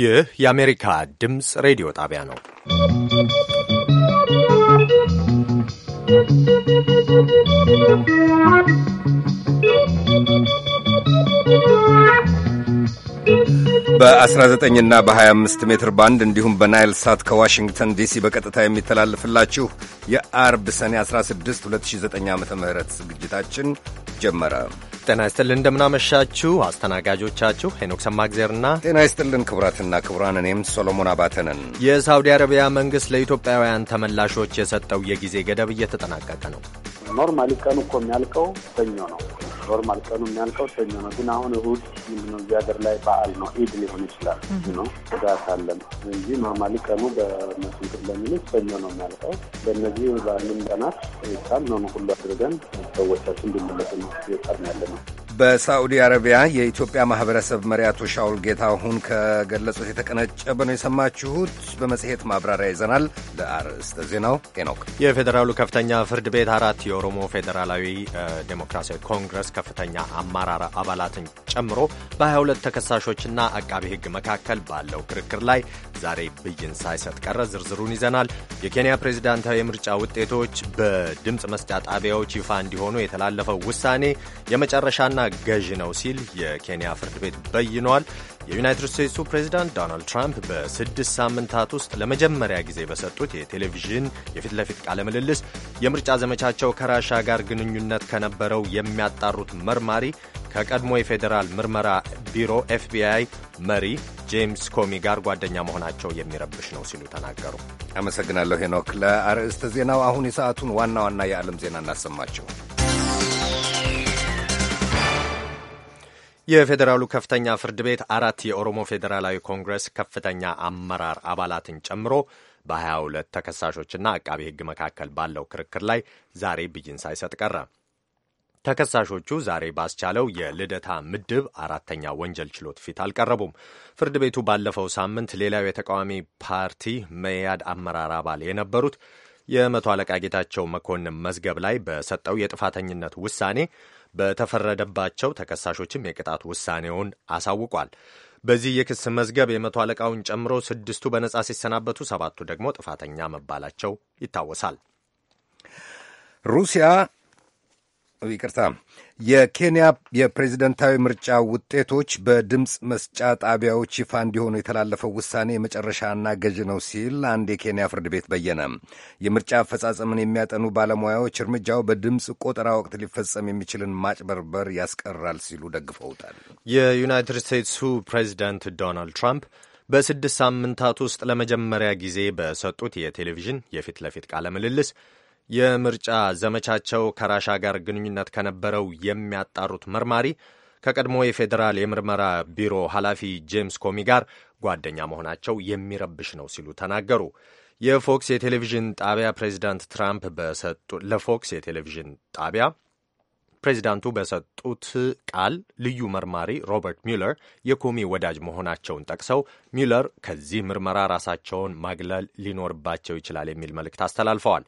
ይህ የአሜሪካ ድምፅ ሬዲዮ ጣቢያ ነው። በ19 እና በ25 ሜትር ባንድ እንዲሁም በናይል ሳት ከዋሽንግተን ዲሲ በቀጥታ የሚተላለፍላችሁ የአርብ ሰኔ 16 2009 ዓ ም ዝግጅታችን ጀመረ። ጤና ይስጥልን፣ እንደምናመሻችሁ። አስተናጋጆቻችሁ ሄኖክ ሰማግዜርና ጤና ይስጥልን ክቡራትና ክቡራን፣ እኔም ሶሎሞን አባተ የሳውዲ አረቢያ መንግሥት ለኢትዮጵያውያን ተመላሾች የሰጠው የጊዜ ገደብ እየተጠናቀቀ ነው። ኖርማሊ ቀኑ እኮ የሚያልቀው ሰኞ ነው። ኖርማል ቀኑ የሚያልቀው ሰኞ ነው። ግን አሁን እሁድ ምንድነው እዚህ ሀገር ላይ በዓል ነው፣ ኢድ ሊሆን ይችላል ነው ጉዳት አለም እንጂ ኖርማሊ ቀኑ በመስንክር ለሚሉት ሰኞ ነው የሚያልቀው። በእነዚህ በዓሉም ቀናት ይቻል ነው ሁሉ አድርገን ሰዎቻችን እንዲመለሱ ነው እየቀርን ያለ ነው። በሳዑዲ አረቢያ የኢትዮጵያ ማህበረሰብ መሪ አቶ ሻውል ጌታሁን ከገለጹት የተቀነጨበ ነው የሰማችሁት። በመጽሔት ማብራሪያ ይዘናል። ለአርዕስተ ዜናው ሄኖክ። የፌዴራሉ ከፍተኛ ፍርድ ቤት አራት የኦሮሞ ፌዴራላዊ ዴሞክራሲያዊ ኮንግረስ ከፍተኛ አመራር አባላትን ጨምሮ በ22 ተከሳሾችና አቃቢ ሕግ መካከል ባለው ክርክር ላይ ዛሬ ብይን ሳይሰጥ ቀረ። ዝርዝሩን ይዘናል። የኬንያ ፕሬዚዳንታዊ የምርጫ ውጤቶች በድምፅ መስጫ ጣቢያዎች ይፋ እንዲሆኑ የተላለፈው ውሳኔ የመጨረሻና ገዥ ነው ሲል የኬንያ ፍርድ ቤት በይኗል። የዩናይትድ ስቴትሱ ፕሬዚዳንት ዶናልድ ትራምፕ በስድስት ሳምንታት ውስጥ ለመጀመሪያ ጊዜ በሰጡት የቴሌቪዥን የፊት ለፊት ቃለ ምልልስ የምርጫ ዘመቻቸው ከራሻ ጋር ግንኙነት ከነበረው የሚያጣሩት መርማሪ ከቀድሞ የፌዴራል ምርመራ ቢሮ ኤፍቢአይ መሪ ጄምስ ኮሚ ጋር ጓደኛ መሆናቸው የሚረብሽ ነው ሲሉ ተናገሩ። አመሰግናለሁ ሄኖክ ለአርዕስተ ዜናው። አሁን የሰዓቱን ዋና ዋና የዓለም ዜና እናሰማቸው። የፌዴራሉ ከፍተኛ ፍርድ ቤት አራት የኦሮሞ ፌዴራላዊ ኮንግረስ ከፍተኛ አመራር አባላትን ጨምሮ በ22 ተከሳሾችና አቃቤ ሕግ መካከል ባለው ክርክር ላይ ዛሬ ብይን ሳይሰጥ ቀረ። ተከሳሾቹ ዛሬ ባስቻለው የልደታ ምድብ አራተኛ ወንጀል ችሎት ፊት አልቀረቡም። ፍርድ ቤቱ ባለፈው ሳምንት ሌላው የተቃዋሚ ፓርቲ መያድ አመራር አባል የነበሩት የመቶ አለቃ ጌታቸው መኮንን መዝገብ ላይ በሰጠው የጥፋተኝነት ውሳኔ በተፈረደባቸው ተከሳሾችም የቅጣት ውሳኔውን አሳውቋል። በዚህ የክስ መዝገብ የመቶ አለቃውን ጨምሮ ስድስቱ በነጻ ሲሰናበቱ፣ ሰባቱ ደግሞ ጥፋተኛ መባላቸው ይታወሳል። ሩሲያ ይቅርታ፣ የኬንያ የፕሬዝደንታዊ ምርጫ ውጤቶች በድምፅ መስጫ ጣቢያዎች ይፋ እንዲሆኑ የተላለፈው ውሳኔ የመጨረሻና ገዥ ነው ሲል አንድ የኬንያ ፍርድ ቤት በየነ። የምርጫ አፈጻጸምን የሚያጠኑ ባለሙያዎች እርምጃው በድምፅ ቆጠራ ወቅት ሊፈጸም የሚችልን ማጭበርበር ያስቀራል ሲሉ ደግፈውታል። የዩናይትድ ስቴትሱ ፕሬዚደንት ዶናልድ ትራምፕ በስድስት ሳምንታት ውስጥ ለመጀመሪያ ጊዜ በሰጡት የቴሌቪዥን የፊት ለፊት ቃለ ምልልስ የምርጫ ዘመቻቸው ከራሻ ጋር ግንኙነት ከነበረው የሚያጣሩት መርማሪ ከቀድሞ የፌዴራል የምርመራ ቢሮ ኃላፊ ጄምስ ኮሚ ጋር ጓደኛ መሆናቸው የሚረብሽ ነው ሲሉ ተናገሩ። የፎክስ የቴሌቪዥን ጣቢያ ፕሬዚዳንት ትራምፕ በሰጡት ለፎክስ የቴሌቪዥን ጣቢያ ፕሬዚዳንቱ በሰጡት ቃል ልዩ መርማሪ ሮበርት ሚለር የኮሚ ወዳጅ መሆናቸውን ጠቅሰው ሚለር ከዚህ ምርመራ ራሳቸውን ማግለል ሊኖርባቸው ይችላል የሚል መልእክት አስተላልፈዋል።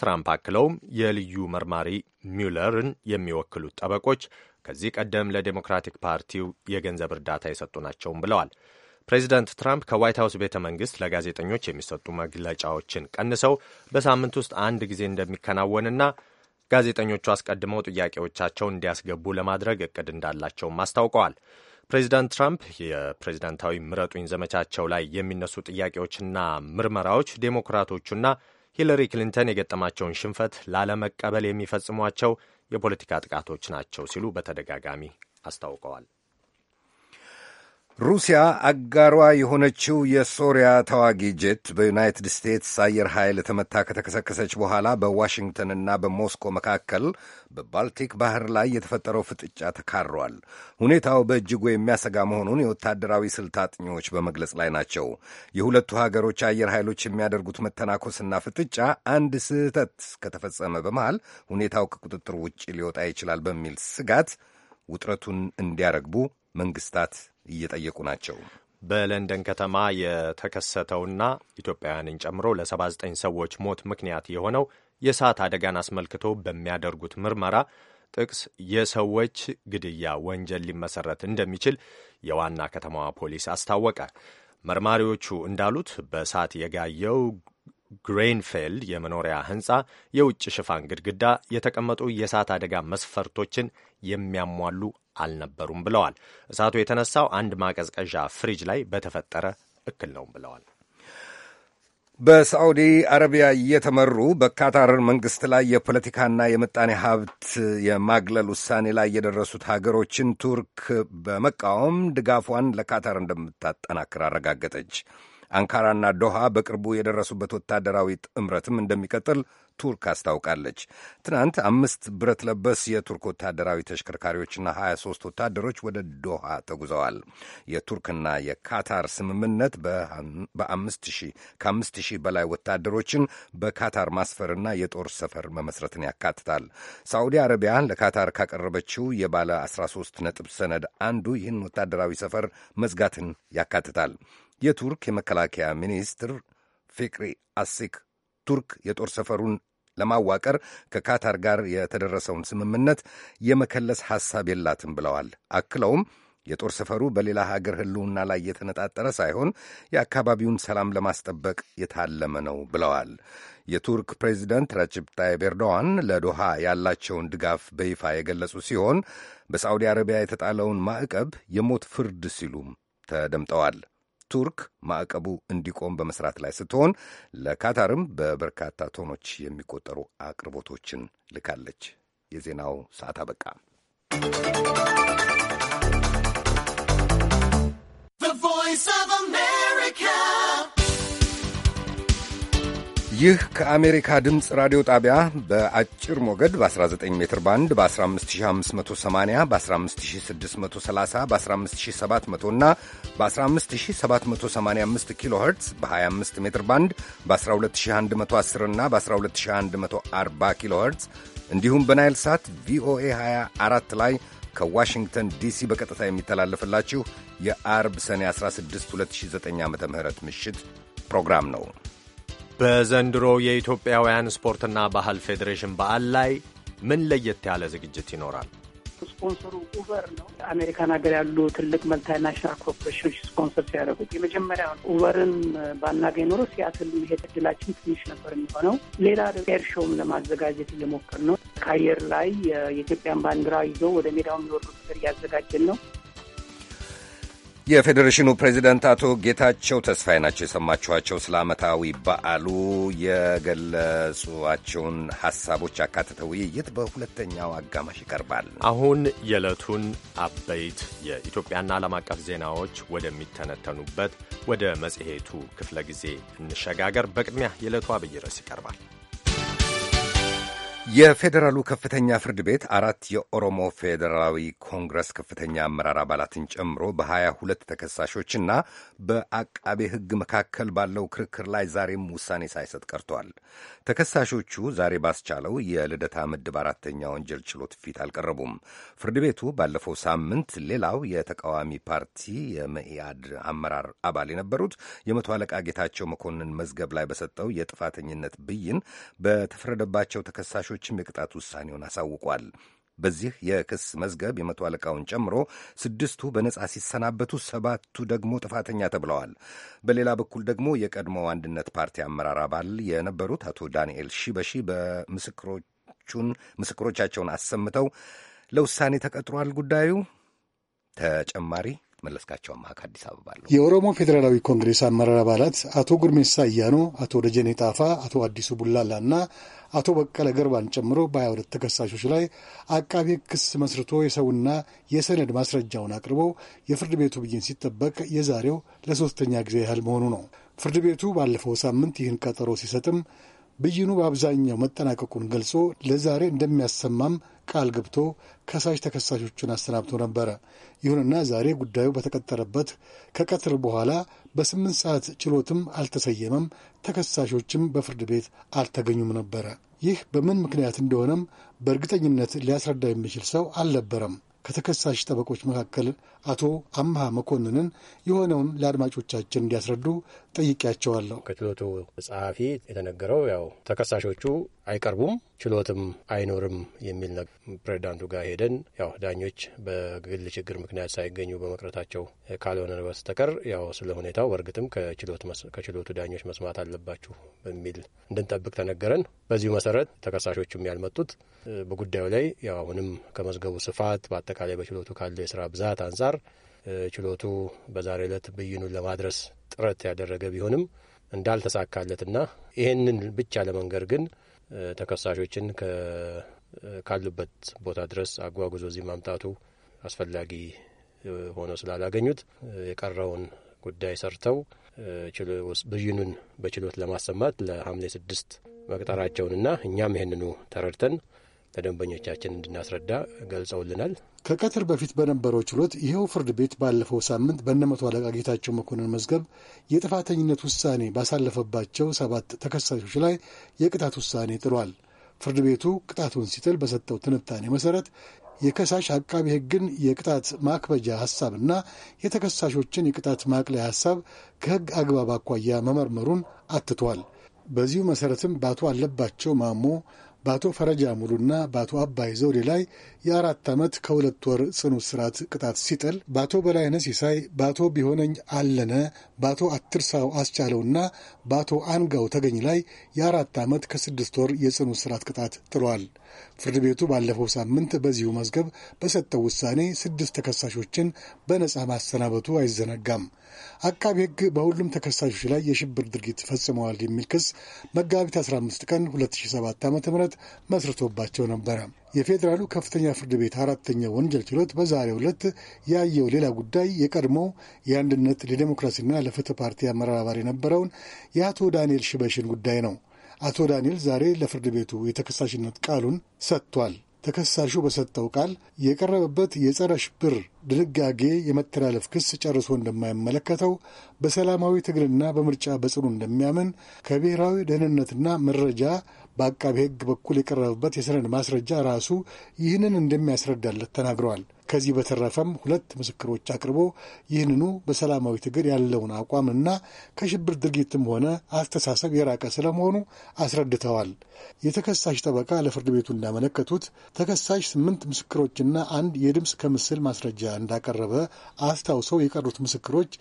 ትራምፕ አክለውም የልዩ መርማሪ ሚለርን የሚወክሉት ጠበቆች ከዚህ ቀደም ለዴሞክራቲክ ፓርቲው የገንዘብ እርዳታ የሰጡ ናቸውም ብለዋል። ፕሬዚዳንት ትራምፕ ከዋይት ሀውስ ቤተ መንግስት ለጋዜጠኞች የሚሰጡ መግለጫዎችን ቀንሰው በሳምንት ውስጥ አንድ ጊዜ እንደሚከናወንና ጋዜጠኞቹ አስቀድመው ጥያቄዎቻቸውን እንዲያስገቡ ለማድረግ እቅድ እንዳላቸውም አስታውቀዋል። ፕሬዚዳንት ትራምፕ የፕሬዚዳንታዊ ምረጡኝ ዘመቻቸው ላይ የሚነሱ ጥያቄዎችና ምርመራዎች ዴሞክራቶቹና ሂለሪ ክሊንተን የገጠማቸውን ሽንፈት ላለመቀበል የሚፈጽሟቸው የፖለቲካ ጥቃቶች ናቸው ሲሉ በተደጋጋሚ አስታውቀዋል። ሩሲያ አጋሯ የሆነችው የሶሪያ ተዋጊ ጄት በዩናይትድ ስቴትስ አየር ኃይል ተመታ ከተከሰከሰች በኋላ በዋሽንግተንና በሞስኮ መካከል በባልቲክ ባህር ላይ የተፈጠረው ፍጥጫ ተካሯል። ሁኔታው በእጅጉ የሚያሰጋ መሆኑን የወታደራዊ ስልት አጥኚዎች በመግለጽ ላይ ናቸው። የሁለቱ ሀገሮች አየር ኃይሎች የሚያደርጉት መተናኮስና ፍጥጫ አንድ ስህተት ከተፈጸመ በመሃል ሁኔታው ከቁጥጥር ውጭ ሊወጣ ይችላል በሚል ስጋት ውጥረቱን እንዲያረግቡ መንግስታት እየጠየቁ ናቸው። በለንደን ከተማ የተከሰተውና ኢትዮጵያውያንን ጨምሮ ለ79 ሰዎች ሞት ምክንያት የሆነው የእሳት አደጋን አስመልክቶ በሚያደርጉት ምርመራ ጥቅስ የሰዎች ግድያ ወንጀል ሊመሰረት እንደሚችል የዋና ከተማዋ ፖሊስ አስታወቀ። መርማሪዎቹ እንዳሉት በእሳት የጋየው ግሬንፌልድ የመኖሪያ ህንፃ የውጭ ሽፋን ግድግዳ የተቀመጡ የእሳት አደጋ መስፈርቶችን የሚያሟሉ አልነበሩም ብለዋል። እሳቱ የተነሳው አንድ ማቀዝቀዣ ፍሪጅ ላይ በተፈጠረ እክል ነው ብለዋል። በሳዑዲ አረቢያ እየተመሩ በካታር መንግስት ላይ የፖለቲካና የምጣኔ ሀብት የማግለል ውሳኔ ላይ የደረሱት ሀገሮችን ቱርክ በመቃወም ድጋፏን ለካታር እንደምታጠናክር አረጋገጠች። አንካራና ዶሃ በቅርቡ የደረሱበት ወታደራዊ ጥምረትም እንደሚቀጥል ቱርክ አስታውቃለች። ትናንት አምስት ብረት ለበስ የቱርክ ወታደራዊ ተሽከርካሪዎችና 23 ወታደሮች ወደ ዶሃ ተጉዘዋል። የቱርክና የካታር ስምምነት ከአምስት ሺህ በላይ ወታደሮችን በካታር ማስፈርና የጦር ሰፈር መመስረትን ያካትታል። ሳዑዲ አረቢያ ለካታር ካቀረበችው የባለ 13 ነጥብ ሰነድ አንዱ ይህን ወታደራዊ ሰፈር መዝጋትን ያካትታል። የቱርክ የመከላከያ ሚኒስትር ፊቅሪ አሲክ ቱርክ የጦር ሰፈሩን ለማዋቀር ከካታር ጋር የተደረሰውን ስምምነት የመከለስ ሐሳብ የላትም ብለዋል። አክለውም የጦር ሰፈሩ በሌላ ሀገር ሕልውና ላይ የተነጣጠረ ሳይሆን የአካባቢውን ሰላም ለማስጠበቅ የታለመ ነው ብለዋል። የቱርክ ፕሬዚደንት ረጀፕ ታይብ ኤርዶዋን ለዶሃ ያላቸውን ድጋፍ በይፋ የገለጹ ሲሆን በሳዑዲ አረቢያ የተጣለውን ማዕቀብ የሞት ፍርድ ሲሉም ተደምጠዋል። ቱርክ ማዕቀቡ እንዲቆም በመስራት ላይ ስትሆን ለካታርም በበርካታ ቶኖች የሚቆጠሩ አቅርቦቶችን ልካለች። የዜናው ሰዓት አበቃ። ቮይስ ኦፍ አሜሪካ ይህ ከአሜሪካ ድምፅ ራዲዮ ጣቢያ በአጭር ሞገድ በ19 ሜትር ባንድ በ15580 በ15630 በ15700 እና በ15785 ኪሎ ኸርትዝ በ25 ሜትር ባንድ በ12110 እና በ12140 ኪሎ ኸርትዝ እንዲሁም በናይል ሳት ቪኦኤ 24 ላይ ከዋሽንግተን ዲሲ በቀጥታ የሚተላለፍላችሁ የአርብ ሰኔ 16 2009 ዓ ም ምሽት ፕሮግራም ነው። በዘንድሮ የኢትዮጵያውያን ስፖርትና ባህል ፌዴሬሽን በዓል ላይ ምን ለየት ያለ ዝግጅት ይኖራል? ስፖንሰሩ ኡበር ነው። አሜሪካን ሀገር ያሉ ትልቅ መልታናሽናል ኮርፖሬሽኖች ስፖንሰር ሲያደርጉት የመጀመሪያ ኡበርን ባናገኝ ኖሮ ሲያትል መሄድ እድላችን ትንሽ ነበር የሚሆነው። ሌላ ኤር ሾውም ለማዘጋጀት እየሞከር ነው። ከአየር ላይ የኢትዮጵያን ባንዲራ ይዘው ወደ ሜዳው የሚወርዱ ነገር እያዘጋጀን ነው። የፌዴሬሽኑ ፕሬዚደንት አቶ ጌታቸው ተስፋዬ ናቸው የሰማችኋቸው። ስለ ዓመታዊ በዓሉ የገለጿቸውን ሐሳቦች ያካተተ ውይይት በሁለተኛው አጋማሽ ይቀርባል። አሁን የዕለቱን አበይት የኢትዮጵያና ዓለም አቀፍ ዜናዎች ወደሚተነተኑበት ወደ መጽሔቱ ክፍለ ጊዜ እንሸጋገር። በቅድሚያ የዕለቱ አብይ ርዕስ ይቀርባል። የፌዴራሉ ከፍተኛ ፍርድ ቤት አራት የኦሮሞ ፌዴራላዊ ኮንግረስ ከፍተኛ አመራር አባላትን ጨምሮ በሀያ ሁለት ተከሳሾችና በአቃቤ ሕግ መካከል ባለው ክርክር ላይ ዛሬም ውሳኔ ሳይሰጥ ቀርቷል። ተከሳሾቹ ዛሬ ባስቻለው የልደታ ምድብ አራተኛ ወንጀል ችሎት ፊት አልቀረቡም። ፍርድ ቤቱ ባለፈው ሳምንት ሌላው የተቃዋሚ ፓርቲ የመኢአድ አመራር አባል የነበሩት የመቶ አለቃ ጌታቸው መኮንን መዝገብ ላይ በሰጠው የጥፋተኝነት ብይን በተፈረደባቸው ተከሳሾች ተከሳሾችም የቅጣት ውሳኔውን አሳውቋል። በዚህ የክስ መዝገብ የመቶ አለቃውን ጨምሮ ስድስቱ በነጻ ሲሰናበቱ፣ ሰባቱ ደግሞ ጥፋተኛ ተብለዋል። በሌላ በኩል ደግሞ የቀድሞ አንድነት ፓርቲ አመራር አባል የነበሩት አቶ ዳንኤል ሺበሺ በምስክሮቹን ምስክሮቻቸውን አሰምተው ለውሳኔ ተቀጥሯል። ጉዳዩ ተጨማሪ መለስካቸው አማሃ ከአዲስ አበባ አለው። የኦሮሞ ፌዴራላዊ ኮንግሬስ አመራር አባላት አቶ ጉርሜሳ አያኖ፣ አቶ ደጀኔ ጣፋ፣ አቶ አዲሱ ቡላላ እና አቶ በቀለ ገርባን ጨምሮ በ22 ተከሳሾች ላይ አቃቢ ክስ መስርቶ የሰውና የሰነድ ማስረጃውን አቅርቦ የፍርድ ቤቱ ብይን ሲጠበቅ የዛሬው ለሶስተኛ ጊዜ ያህል መሆኑ ነው። ፍርድ ቤቱ ባለፈው ሳምንት ይህን ቀጠሮ ሲሰጥም ብይኑ በአብዛኛው መጠናቀቁን ገልጾ ለዛሬ እንደሚያሰማም ቃል ገብቶ ከሳሽ ተከሳሾቹን አሰናብቶ ነበረ። ይሁንና ዛሬ ጉዳዩ በተቀጠረበት ከቀትር በኋላ በስምንት ሰዓት ችሎትም አልተሰየመም፣ ተከሳሾችም በፍርድ ቤት አልተገኙም ነበረ። ይህ በምን ምክንያት እንደሆነም በእርግጠኝነት ሊያስረዳ የሚችል ሰው አልነበረም። ከተከሳሽ ጠበቆች መካከል አቶ አምሃ መኮንንን የሆነውን ለአድማጮቻችን እንዲያስረዱ ጠይቄያቸዋለሁ። ከችሎቱ ጸሐፊ የተነገረው ያው ተከሳሾቹ አይቀርቡም፣ ችሎትም አይኖርም የሚል ነገር ፕሬዚዳንቱ ጋር ሄደን ያው ዳኞች በግል ችግር ምክንያት ሳይገኙ በመቅረታቸው ካልሆነ በስተቀር ያው ስለ ሁኔታው በእርግጥም ከችሎቱ ዳኞች መስማት አለባችሁ በሚል እንድንጠብቅ ተነገረን። በዚሁ መሰረት ተከሳሾቹም ያልመጡት በጉዳዩ ላይ ያው አሁንም ከመዝገቡ ስፋት በአጠቃላይ በችሎቱ ካለው የስራ ብዛት አንጻር ችሎቱ በዛሬ ዕለት ብይኑን ለማድረስ ጥረት ያደረገ ቢሆንም እንዳልተሳካለትና ይህንን ብቻ ለመንገር ግን ተከሳሾችን ካሉበት ቦታ ድረስ አጓጉዞ እዚህ ማምጣቱ አስፈላጊ ሆኖ ስላላገኙት የቀረውን ጉዳይ ሰርተው ብይኑን በችሎት ለማሰማት ለሐምሌ ስድስት መቅጠራቸውንና እኛም ይህንኑ ተረድተን ለደንበኞቻችን እንድናስረዳ ገልጸውልናል። ከቀትር በፊት በነበረው ችሎት ይኸው ፍርድ ቤት ባለፈው ሳምንት በእነ መቶ አለቃ ጌታቸው መኮንን መዝገብ የጥፋተኝነት ውሳኔ ባሳለፈባቸው ሰባት ተከሳሾች ላይ የቅጣት ውሳኔ ጥሏል። ፍርድ ቤቱ ቅጣቱን ሲጥል በሰጠው ትንታኔ መሰረት የከሳሽ አቃቢ ሕግን የቅጣት ማክበጃ ሐሳብና የተከሳሾችን የቅጣት ማቅለያ ሐሳብ ከሕግ አግባብ አኳያ መመርመሩን አትቷል። በዚሁ መሰረትም በአቶ አለባቸው ማሞ በአቶ ፈረጃ ሙሉና በአቶ አባይ ዘውዴ ላይ የአራት ዓመት ከሁለት ወር ጽኑ እስራት ቅጣት ሲጥል በአቶ በላይነ ሲሳይ፣ በአቶ ቢሆነኝ አለነ፣ በአቶ አትርሳው አስቻለውና በአቶ አንጋው ተገኝ ላይ የአራት ዓመት ከስድስት ወር የጽኑ እስራት ቅጣት ጥሏል። ፍርድ ቤቱ ባለፈው ሳምንት በዚሁ መዝገብ በሰጠው ውሳኔ ስድስት ተከሳሾችን በነጻ ማሰናበቱ አይዘነጋም። አቃቢ ሕግ በሁሉም ተከሳሾች ላይ የሽብር ድርጊት ፈጽመዋል የሚል ክስ መጋቢት 15 ቀን 2007 ዓ ም መስርቶባቸው ነበረ። የፌዴራሉ ከፍተኛ ፍርድ ቤት አራተኛ ወንጀል ችሎት በዛሬው ዕለት ያየው ሌላ ጉዳይ የቀድሞ የአንድነት ለዲሞክራሲና ለፍትህ ፓርቲ አመራር አባል የነበረውን የአቶ ዳንኤል ሽበሽን ጉዳይ ነው። አቶ ዳንኤል ዛሬ ለፍርድ ቤቱ የተከሳሽነት ቃሉን ሰጥቷል። ተከሳሹ በሰጠው ቃል የቀረበበት የጸረ ሽብር ድንጋጌ የመተላለፍ ክስ ጨርሶ እንደማይመለከተው በሰላማዊ ትግልና በምርጫ በጽኑ እንደሚያምን ከብሔራዊ ደህንነትና መረጃ በአቃቤ ሕግ በኩል የቀረበበት የሰነድ ማስረጃ ራሱ ይህንን እንደሚያስረዳለት ተናግረዋል። ከዚህ በተረፈም ሁለት ምስክሮች አቅርቦ ይህንኑ በሰላማዊ ትግል ያለውን አቋምና ከሽብር ድርጊትም ሆነ አስተሳሰብ የራቀ ስለመሆኑ አስረድተዋል። የተከሳሽ ጠበቃ ለፍርድ ቤቱ እንዳመለከቱት ተከሳሽ ስምንት ምስክሮችና አንድ የድምፅ ከምስል ማስረጃ እንዳቀረበ አስታውሰው የቀሩት ምስክሮች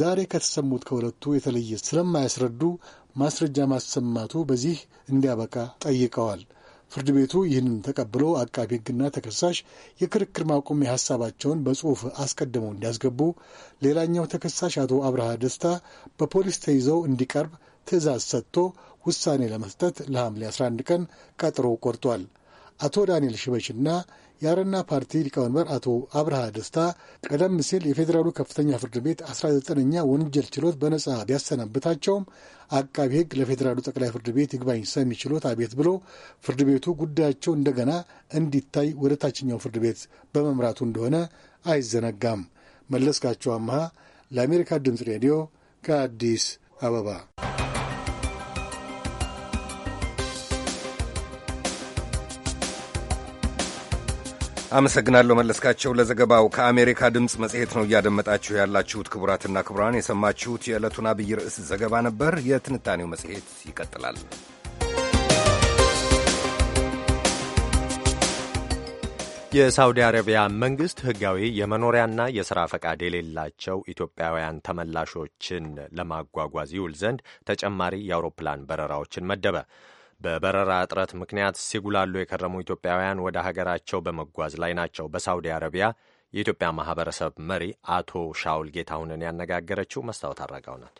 ዛሬ ከተሰሙት ከሁለቱ የተለየ ስለማያስረዱ ማስረጃ ማሰማቱ በዚህ እንዲያበቃ ጠይቀዋል። ፍርድ ቤቱ ይህንን ተቀብሎ አቃቢ ሕግና ተከሳሽ የክርክር ማቆሚያ ሀሳባቸውን በጽሑፍ አስቀድመው እንዲያስገቡ፣ ሌላኛው ተከሳሽ አቶ አብርሃ ደስታ በፖሊስ ተይዘው እንዲቀርብ ትዕዛዝ ሰጥቶ ውሳኔ ለመስጠት ለሐምሌ 11 ቀን ቀጥሮ ቆርጧል። አቶ ዳንኤል ሽበሽና የአረና ፓርቲ ሊቀመንበር አቶ አብርሃ ደስታ ቀደም ሲል የፌዴራሉ ከፍተኛ ፍርድ ቤት 19ኛ ወንጀል ችሎት በነጻ ቢያሰናብታቸውም አቃቢ ሕግ ለፌዴራሉ ጠቅላይ ፍርድ ቤት ይግባኝ ሰሚ ችሎት አቤት ብሎ ፍርድ ቤቱ ጉዳያቸው እንደገና እንዲታይ ወደ ታችኛው ፍርድ ቤት በመምራቱ እንደሆነ አይዘነጋም። መለስካቸው አምሃ ለአሜሪካ ድምፅ ሬዲዮ ከአዲስ አበባ አመሰግናለሁ መለስካቸው ለዘገባው። ከአሜሪካ ድምፅ መጽሔት ነው እያደመጣችሁ ያላችሁት። ክቡራትና ክቡራን የሰማችሁት የዕለቱን አብይ ርዕስ ዘገባ ነበር። የትንታኔው መጽሔት ይቀጥላል። የሳውዲ አረቢያ መንግስት ህጋዊ የመኖሪያና የሥራ ፈቃድ የሌላቸው ኢትዮጵያውያን ተመላሾችን ለማጓጓዝ ይውል ዘንድ ተጨማሪ የአውሮፕላን በረራዎችን መደበ። በበረራ እጥረት ምክንያት ሲጉላሉ የከረሙ ኢትዮጵያውያን ወደ ሀገራቸው በመጓዝ ላይ ናቸው። በሳውዲ አረቢያ የኢትዮጵያ ማህበረሰብ መሪ አቶ ሻውል ጌታሁንን ያነጋገረችው መስታወት አረጋው ናት።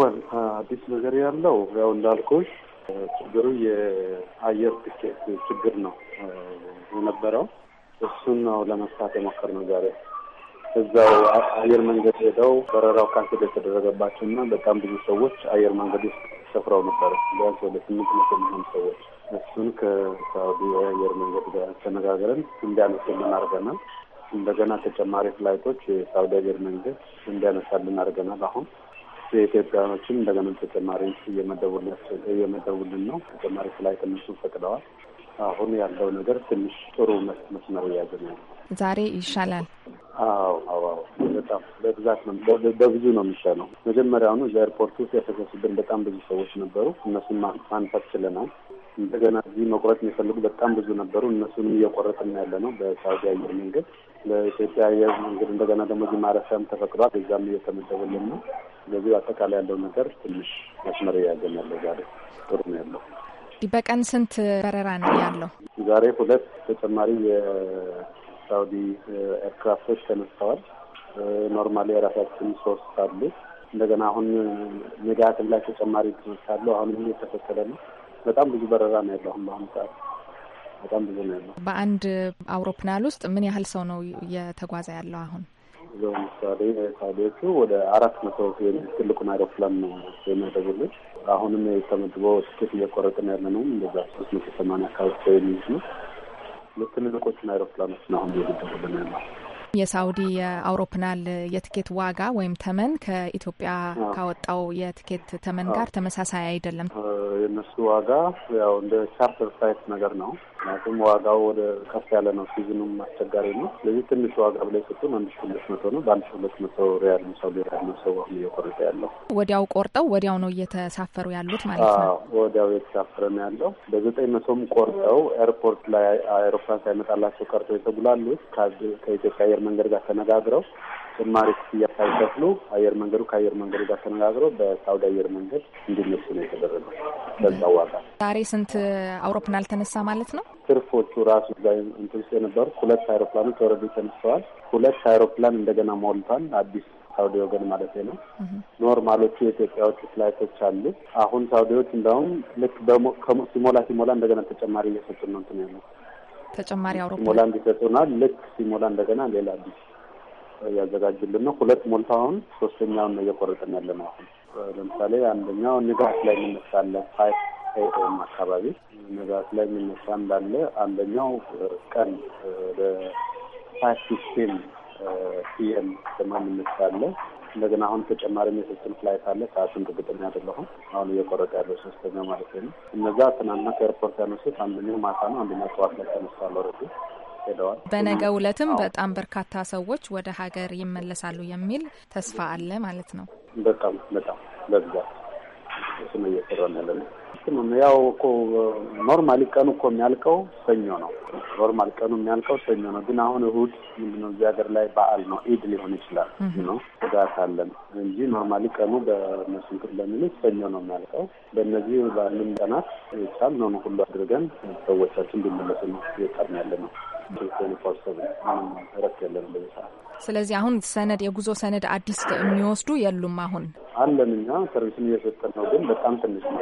ወል አዲስ ነገር ያለው ያው እንዳልኩሽ ችግሩ የአየር ትኬት ችግር ነው የነበረው። እሱን ነው ለመፍታት የሞከርነው ዛሬ እዛው አየር መንገድ ሄደው በረራው ካንስል የተደረገባቸው እና በጣም ብዙ ሰዎች አየር መንገድ ውስጥ ሰፍራው ነበረ ቢያንስ ወደ ስምንት መቶ የሚሆኑ ሰዎች። እሱን ከሳውዲ የአየር መንገድ ጋር ተነጋግረን እንዲያነሱልን አድርገናል። እንደገና ተጨማሪ ፍላይቶች የሳውዲ አየር መንገድ እንዲያነሳልን አድርገናል። አሁን የኢትዮጵያኖችም እንደገና ተጨማሪ እየመደቡልን ነው። ተጨማሪ ፍላይት እነሱ ፈቅደዋል። አሁን ያለው ነገር ትንሽ ጥሩ መስመር እያገኘ ነው። ዛሬ ይሻላል? አዎ አዎ አዎ በጣም በብዛት ነው፣ በብዙ ነው የሚሻለው። መጀመሪያውኑ ኤርፖርት ውስጥ ያፈሰሱብን በጣም ብዙ ሰዎች ነበሩ። እነሱን ማንሳት ችለናል። እንደገና እዚህ መቁረጥ የሚፈልጉ በጣም ብዙ ነበሩ። እነሱንም እየቆረጥን ያለ ነው በሳውዲ አየር መንገድ ለኢትዮጵያ አየር መንገድ። እንደገና ደግሞ እዚህ ማረፊያም ተፈቅዷል፣ እዛም እየተመደበልን ነው። ስለዚህ አጠቃላይ ያለው ነገር ትንሽ መስመር እያዘን ያለው ዛሬ ጥሩ ነው ያለው። በቀን ስንት በረራ ነው ያለው? ዛሬ ሁለት ተጨማሪ ሳውዲ ኤርክራፍቶች ተነስተዋል። ኖርማሊ የራሳችን ሶስት አሉ። እንደገና አሁን ንጋትም ላይ ተጨማሪ ትምህርት አሁን አሁንም ነው። በጣም ብዙ በረራ ነው ያለው አሁን በአሁኑ ሰዓት በጣም ብዙ ነው ያለው። በአንድ አውሮፕላን ውስጥ ምን ያህል ሰው ነው እየተጓዘ ያለው? አሁን ለምሳሌ ሳውዲዎቹ ወደ አራት መቶ ትልቁን አይሮፕላን ነው የሚያደርጉልን። አሁንም የተመድበው ትኬት እየቆረጥን ያለ ነው እንደዛ ሶስት መቶ ሰማንያ አካባቢ ሰው የሚይዝ ነው ትልልቆቹን አይሮፕላኖች ነው አሁን እየገደቡልን ያለው። የሳውዲ የአውሮፕላን የትኬት ዋጋ ወይም ተመን ከኢትዮጵያ ካወጣው የትኬት ተመን ጋር ተመሳሳይ አይደለም። የእነሱ ዋጋ ያው እንደ ቻርተር ፍላይት ነገር ነው ምክንያቱም ዋጋው ወደ ከፍ ያለ ነው። ሲዝኑም አስቸጋሪ ነው። ስለዚህ ትንሽ ዋጋ ብላይ ስትሆን አንድ ሺ ሁለት መቶ ነው። በአንድ ሺ ሁለት መቶ ሪያል ነው ሳውዲ ሪያል ነው ሰው አሁን እየቆረጠ ያለው። ወዲያው ቆርጠው ወዲያው ነው እየተሳፈሩ ያሉት ማለት ነው። ወዲያው እየተሳፈረ ነው ያለው። በዘጠኝ መቶም ቆርጠው ኤርፖርት ላይ አውሮፕላን ሳይመጣላቸው ቀርቶ የተጉላሉት ከኢትዮጵያ አየር መንገድ ጋር ተነጋግረው ጭማሪ ክፍያ ሳይከፍሉ አየር መንገዱ ከአየር መንገዱ ጋር ተነጋግሮ በሳውዲ አየር መንገድ እንዲነሱ ነው የተደረገው። በዛ ዋጋ ዛሬ ስንት አውሮፕላን አልተነሳ ማለት ነው? ትርፎቹ ራሱ እንትን ውስጥ የነበሩት ሁለት አይሮፕላኖች ወረዱ ተነስተዋል። ሁለት አይሮፕላን እንደገና ሞልቷል። አዲስ ሳውዲ ወገን ማለት ነው። ኖርማሎቹ የኢትዮጵያዎቹ ፍላይቶች አሉ። አሁን ሳውዲዎች እንዳሁም ልክ ሲሞላ ሲሞላ እንደገና ተጨማሪ እየሰጡ ነው እንትን ያሉት ተጨማሪ አውሮፕላን ሲሞላ እንዲሰጡናል። ልክ ሲሞላ እንደገና ሌላ አዲስ ያዘጋጅልን ነው። ሁለት ሞልታውን ሶስተኛውን ነው እየቆረጠን ያለ ነው። አሁን ለምሳሌ አንደኛው ንጋት ላይ የሚነሳለ ፋይቭ ኤኤም አካባቢ ንጋት ላይ የሚነሳ እንዳለ፣ አንደኛው ቀን ወደ ፋይቭ ፊፍቲን ፒኤም ደግሞ የሚነሳለ እንደገና አሁን ተጨማሪም የሶስትን ፍላይት አለ። ሰዓቱን እርግጠኛ አይደለሁም። አሁን እየቆረጠ ያለው ሶስተኛው ማለት ነው። እነዛ ትናንት ከኤርፖርት ያነሱት አንደኛው ማታ ነው፣ አንደኛው ጠዋት ላይ ተነሳለ ኦልሬዲ ሄደዋል። በነገ ውለትም በጣም በርካታ ሰዎች ወደ ሀገር ይመለሳሉ የሚል ተስፋ አለ ማለት ነው። በጣም በጣም በብዛት ስም እየሰራ ያለ ነው። ያው እኮ ኖርማሊ ቀኑ እኮ የሚያልቀው ሰኞ ነው። ኖርማል ቀኑ የሚያልቀው ሰኞ ነው። ግን አሁን እሁድ ምንድነው እዚህ ሀገር ላይ በዓል ነው። ኢድ ሊሆን ይችላል ነው ጉዳት አለን እንጂ ኖርማሊ ቀኑ በመስንክር ለሚሉት ሰኞ ነው የሚያልቀው። በእነዚህ ባሉም ቀናት የቻልነውን ሁሉ አድርገን ሰዎቻችን እንዲመለሱ ነው እየጠርን ያለ ነው። ረፍት ያለን በዚህ ሰዓት። ስለዚህ አሁን ሰነድ የጉዞ ሰነድ አዲስ የሚወስዱ የሉም። አሁን አለን እኛ ሰርቪስን እየሰጠን ነው፣ ግን በጣም ትንሽ ነው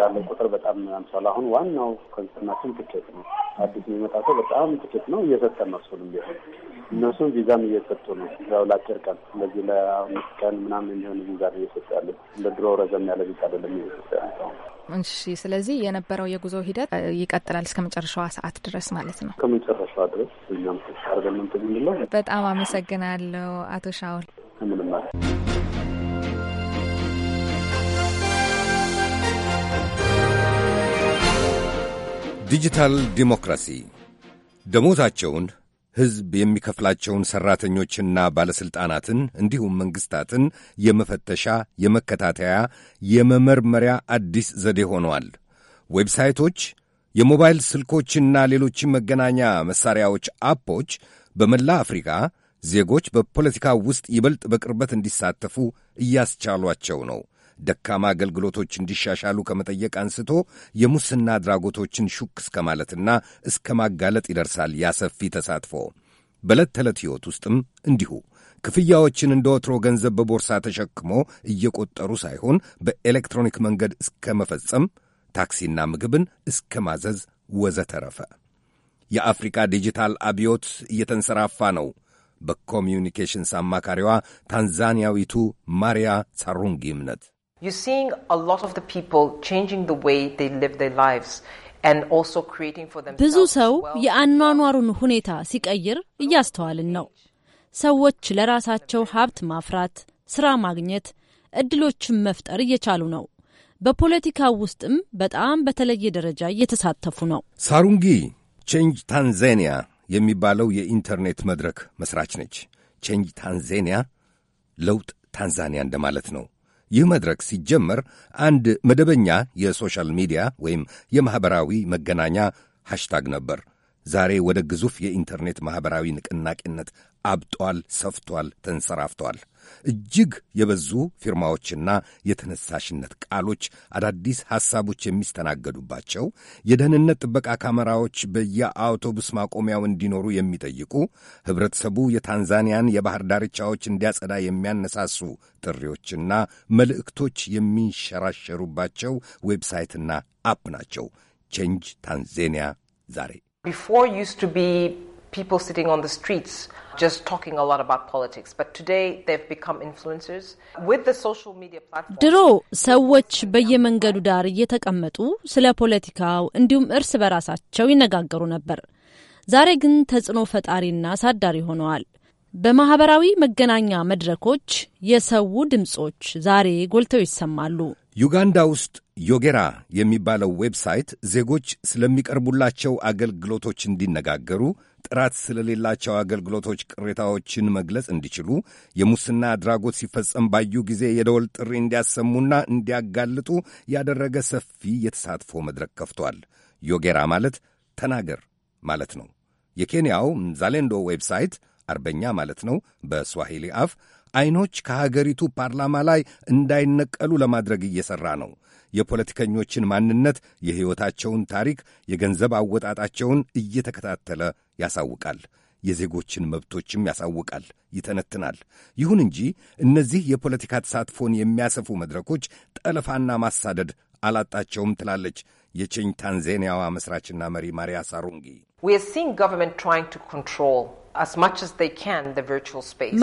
ያለ ቁጥር በጣም ያንሷል። አሁን ዋናው ከንስናችን ትኬት ነው። አዲስ የሚመጣ ሰው በጣም ትኬት ነው እየሰጠን ነው። እሱንም ቢሆን እነሱም ቪዛም እየሰጡ ነው። ያው ለአጭር ቀን እንደዚህ ለአምስት ቀን ምናምን የሚሆን ቪዛ እየሰጡ ያለ እንደ ድሮ ረዘም ያለ ቪዛ አይደለም እየሰጡ ያለ እሺ። ስለዚህ የነበረው የጉዞ ሂደት ይቀጥላል እስከ መጨረሻዋ ሰዓት ድረስ ማለት ነው። እስከ መጨረሻዋ ድረስ እኛም በጣም አመሰግናለሁ አቶ ሻውል። ምንም ዲጂታል ዲሞክራሲ ደሞዛቸውን ሕዝብ የሚከፍላቸውን ሠራተኞችና ባለሥልጣናትን እንዲሁም መንግሥታትን የመፈተሻ፣ የመከታተያ፣ የመመርመሪያ አዲስ ዘዴ ሆኗል። ዌብሳይቶች፣ የሞባይል ስልኮችና ሌሎችም መገናኛ መሣሪያዎች አፖች በመላ አፍሪካ ዜጎች በፖለቲካ ውስጥ ይበልጥ በቅርበት እንዲሳተፉ እያስቻሏቸው ነው። ደካማ አገልግሎቶች እንዲሻሻሉ ከመጠየቅ አንስቶ የሙስና አድራጎቶችን ሹክ እስከ ማለትና እስከ ማጋለጥ ይደርሳል። ያሰፊ ተሳትፎ በዕለት ተዕለት ሕይወት ውስጥም እንዲሁ ክፍያዎችን እንደ ወትሮ ገንዘብ በቦርሳ ተሸክሞ እየቆጠሩ ሳይሆን በኤሌክትሮኒክ መንገድ እስከ መፈጸም፣ ታክሲና ምግብን እስከ ማዘዝ ወዘተረፈ። የአፍሪካ ዲጂታል አብዮት እየተንሰራፋ ነው። በኮሚዩኒኬሽንስ አማካሪዋ ታንዛኒያዊቱ ማሪያ ሳሩንጊ እምነት you're seeing a lot of the people changing the way they live their lives. ብዙ ሰው የአኗኗሩን ሁኔታ ሲቀይር እያስተዋልን ነው። ሰዎች ለራሳቸው ሀብት ማፍራት፣ ስራ ማግኘት፣ እድሎችን መፍጠር እየቻሉ ነው። በፖለቲካ ውስጥም በጣም በተለየ ደረጃ እየተሳተፉ ነው። ሳሩንጊ ቼንጅ ታንዛኒያ የሚባለው የኢንተርኔት መድረክ መስራች ነች። ቼንጅ ታንዛኒያ ለውጥ ታንዛኒያ እንደማለት ነው። ይህ መድረክ ሲጀመር አንድ መደበኛ የሶሻል ሚዲያ ወይም የማኅበራዊ መገናኛ ሃሽታግ ነበር። ዛሬ ወደ ግዙፍ የኢንተርኔት ማኅበራዊ ንቅናቄነት አብጧል፣ ሰፍቷል፣ ተንሰራፍቷል። እጅግ የበዙ ፊርማዎችና የተነሳሽነት ቃሎች፣ አዳዲስ ሐሳቦች የሚስተናገዱባቸው የደህንነት ጥበቃ ካሜራዎች በየአውቶቡስ ማቆሚያው እንዲኖሩ የሚጠይቁ ኅብረተሰቡ የታንዛኒያን የባህር ዳርቻዎች እንዲያጸዳ የሚያነሳሱ ጥሪዎችና መልእክቶች የሚንሸራሸሩባቸው ዌብሳይትና አፕ ናቸው። ቼንጅ ታንዛኒያ ዛሬ people sitting on the streets just talking a lot about politics. But today they've become influencers. With the social media platform... ድሮ ሰዎች በየመንገዱ ዳር እየተቀመጡ ስለ ፖለቲካው እንዲሁም እርስ በራሳቸው ይነጋገሩ ነበር። ዛሬ ግን ተጽዕኖ ፈጣሪና አሳዳሪ ሆነዋል። በማህበራዊ መገናኛ መድረኮች የሰው ድምፆች ዛሬ ጎልተው ይሰማሉ። ዩጋንዳ ውስጥ ዮጌራ የሚባለው ዌብሳይት ዜጎች ስለሚቀርቡላቸው አገልግሎቶች እንዲነጋገሩ ጥራት ስለሌላቸው አገልግሎቶች ቅሬታዎችን መግለጽ እንዲችሉ፣ የሙስና አድራጎት ሲፈጸም ባዩ ጊዜ የደወል ጥሪ እንዲያሰሙና እንዲያጋልጡ ያደረገ ሰፊ የተሳትፎ መድረክ ከፍቷል። ዮጌራ ማለት ተናገር ማለት ነው። የኬንያው ዛሌንዶ ዌብሳይት አርበኛ ማለት ነው በስዋሂሊ አፍ አይኖች ከሀገሪቱ ፓርላማ ላይ እንዳይነቀሉ ለማድረግ እየሠራ ነው። የፖለቲከኞችን ማንነት፣ የሕይወታቸውን ታሪክ፣ የገንዘብ አወጣጣቸውን እየተከታተለ ያሳውቃል። የዜጎችን መብቶችም ያሳውቃል፣ ይተነትናል። ይሁን እንጂ እነዚህ የፖለቲካ ተሳትፎን የሚያሰፉ መድረኮች ጠለፋና ማሳደድ አላጣቸውም ትላለች የቼኝ ታንዛኒያዋ መስራችና መሪ ማሪያ ሳሩንጊ።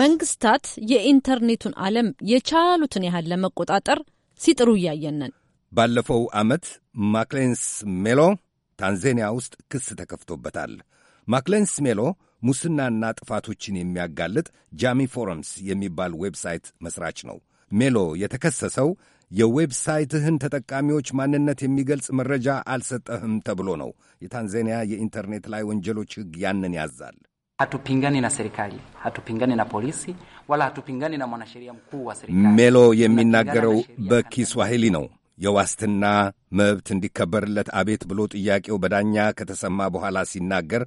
መንግስታት የኢንተርኔቱን ዓለም የቻሉትን ያህል ለመቆጣጠር ሲጥሩ እያየን ነን። ባለፈው ዓመት ማክሌንስ ሜሎ ታንዛኒያ ውስጥ ክስ ተከፍቶበታል። ማክሌንስ ሜሎ ሙስናና ጥፋቶችን የሚያጋልጥ ጃሚ ፎረምስ የሚባል ዌብሳይት መስራች ነው። ሜሎ የተከሰሰው የዌብሳይትህን ተጠቃሚዎች ማንነት የሚገልጽ መረጃ አልሰጠህም ተብሎ ነው። የታንዛኒያ የኢንተርኔት ላይ ወንጀሎች ሕግ ያንን ያዛል። hatupingani na serikali hatupingani na polisi wala hatupingani na mwanasheria mkuu wa serikali ሜሎ የሚናገረው በኪስዋሂሊ ነው። የዋስትና መብት እንዲከበርለት አቤት ብሎ ጥያቄው በዳኛ ከተሰማ በኋላ ሲናገር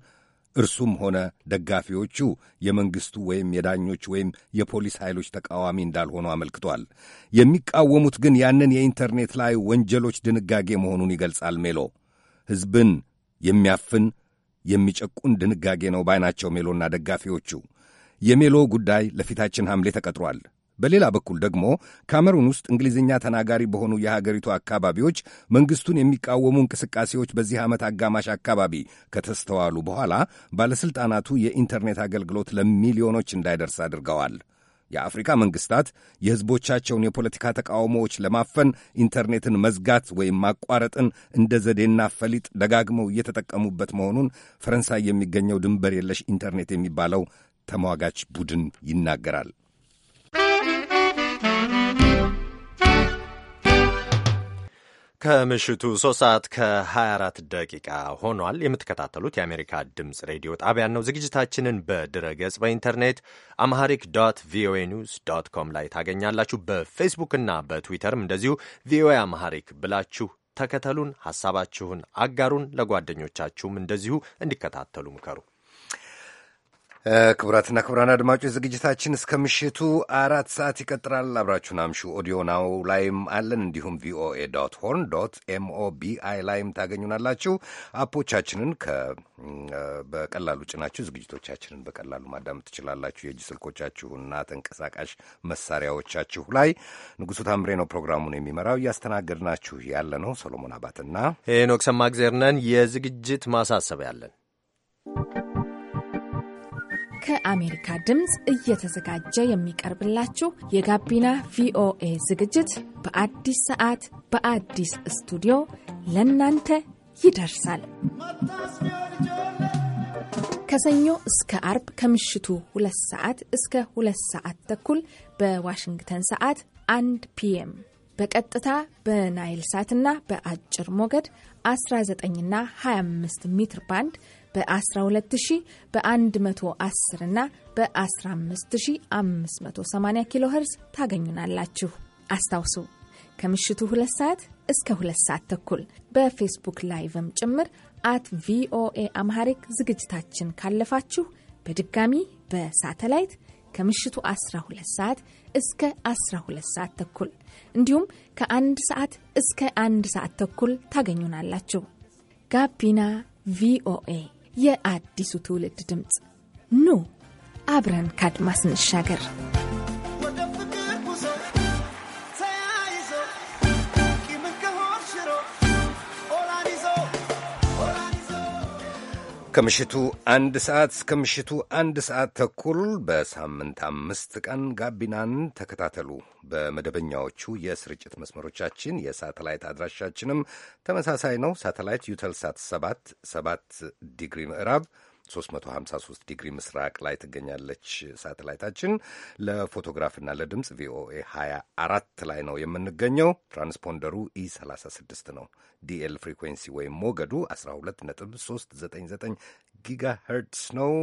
እርሱም ሆነ ደጋፊዎቹ የመንግሥቱ ወይም የዳኞች ወይም የፖሊስ ኃይሎች ተቃዋሚ እንዳልሆኑ አመልክቷል። የሚቃወሙት ግን ያንን የኢንተርኔት ላይ ወንጀሎች ድንጋጌ መሆኑን ይገልጻል። ሜሎ ሕዝብን የሚያፍን የሚጨቁን ድንጋጌ ነው ባይናቸው። ሜሎና ደጋፊዎቹ። የሜሎ ጉዳይ ለፊታችን ሐምሌ ተቀጥሯል። በሌላ በኩል ደግሞ ካሜሩን ውስጥ እንግሊዝኛ ተናጋሪ በሆኑ የሀገሪቱ አካባቢዎች መንግስቱን የሚቃወሙ እንቅስቃሴዎች በዚህ ዓመት አጋማሽ አካባቢ ከተስተዋሉ በኋላ ባለሥልጣናቱ የኢንተርኔት አገልግሎት ለሚሊዮኖች እንዳይደርስ አድርገዋል። የአፍሪካ መንግስታት የሕዝቦቻቸውን የፖለቲካ ተቃውሞዎች ለማፈን ኢንተርኔትን መዝጋት ወይም ማቋረጥን እንደ ዘዴና ፈሊጥ ደጋግመው እየተጠቀሙበት መሆኑን ፈረንሳይ የሚገኘው ድንበር የለሽ ኢንተርኔት የሚባለው ተሟጋች ቡድን ይናገራል። ከምሽቱ 3 ሰዓት ከ24 ደቂቃ ሆኗል። የምትከታተሉት የአሜሪካ ድምፅ ሬዲዮ ጣቢያን ነው። ዝግጅታችንን በድረ ገጽ በኢንተርኔት አምሃሪክ ዶት ቪኦኤ ኒውስ ዶት ኮም ላይ ታገኛላችሁ። በፌስቡክና በትዊተርም እንደዚሁ ቪኦኤ አምሃሪክ ብላችሁ ተከተሉን፣ ሐሳባችሁን አጋሩን፣ ለጓደኞቻችሁም እንደዚሁ እንዲከታተሉ ምከሩ። ክቡራትና ክቡራን አድማጮች ዝግጅታችን እስከ ምሽቱ አራት ሰዓት ይቀጥላል። አብራችሁን አምሹ። ኦዲዮ ናው ላይም አለን። እንዲሁም ቪኦኤ ዶት ሆርን ዶት ኤምኦቢአይ ላይም ታገኙናላችሁ። አፖቻችንን በቀላሉ ጭናችሁ ዝግጅቶቻችንን በቀላሉ ማዳመጥ ትችላላችሁ። የእጅ ስልኮቻችሁና ተንቀሳቃሽ መሳሪያዎቻችሁ ላይ ንጉሱ ታምሬ ነው ፕሮግራሙን የሚመራው። እያስተናገድናችሁ ያለ ነው ሰሎሞን አባትና ሄኖክ የዝግጅት ማሳሰብ ያለን ከአሜሪካ ድምፅ እየተዘጋጀ የሚቀርብላችሁ የጋቢና ቪኦኤ ዝግጅት በአዲስ ሰዓት በአዲስ ስቱዲዮ ለእናንተ ይደርሳል። ከሰኞ እስከ አርብ ከምሽቱ ሁለት ሰዓት እስከ ሁለት ሰዓት ተኩል በዋሽንግተን ሰዓት አንድ ፒኤም በቀጥታ በናይል ሳትና በአጭር ሞገድ 19ና 25 ሜትር ባንድ በ12000 በ110 እና በ15580 ኪሎ ኸርዝ ታገኙናላችሁ። አስታውሱ ከምሽቱ 2 ሰዓት እስከ 2 ሰዓት ተኩል በፌስቡክ ላይቭም ጭምር አት ቪኦኤ አምሃሪክ ዝግጅታችን ካለፋችሁ በድጋሚ በሳተላይት ከምሽቱ 12 ሰዓት እስከ 12 ሰዓት ተኩል እንዲሁም ከአንድ ሰዓት እስከ አንድ ሰዓት ተኩል ታገኙናላችሁ። ጋቢና ቪኦኤ የአዲሱ ትውልድ ድምፅ ኑ አብረን ካድማስ እንሻገር። ከምሽቱ አንድ ሰዓት እስከ ምሽቱ አንድ ሰዓት ተኩል በሳምንት አምስት ቀን ጋቢናን ተከታተሉ። በመደበኛዎቹ የስርጭት መስመሮቻችን የሳተላይት አድራሻችንም ተመሳሳይ ነው። ሳተላይት ዩተልሳት ሰባት ሰባት ዲግሪ ምዕራብ 353 ዲግሪ ምስራቅ ላይ ትገኛለች። ሳተላይታችን ለፎቶግራፍና ለድምፅ ቪኦኤ 24 ላይ ነው የምንገኘው። ትራንስፖንደሩ ኢ 36 ነው። ዲኤል ፍሪኩዌንሲ ወይም ሞገዱ 12399 ጊጋ ሄርትስ ነው።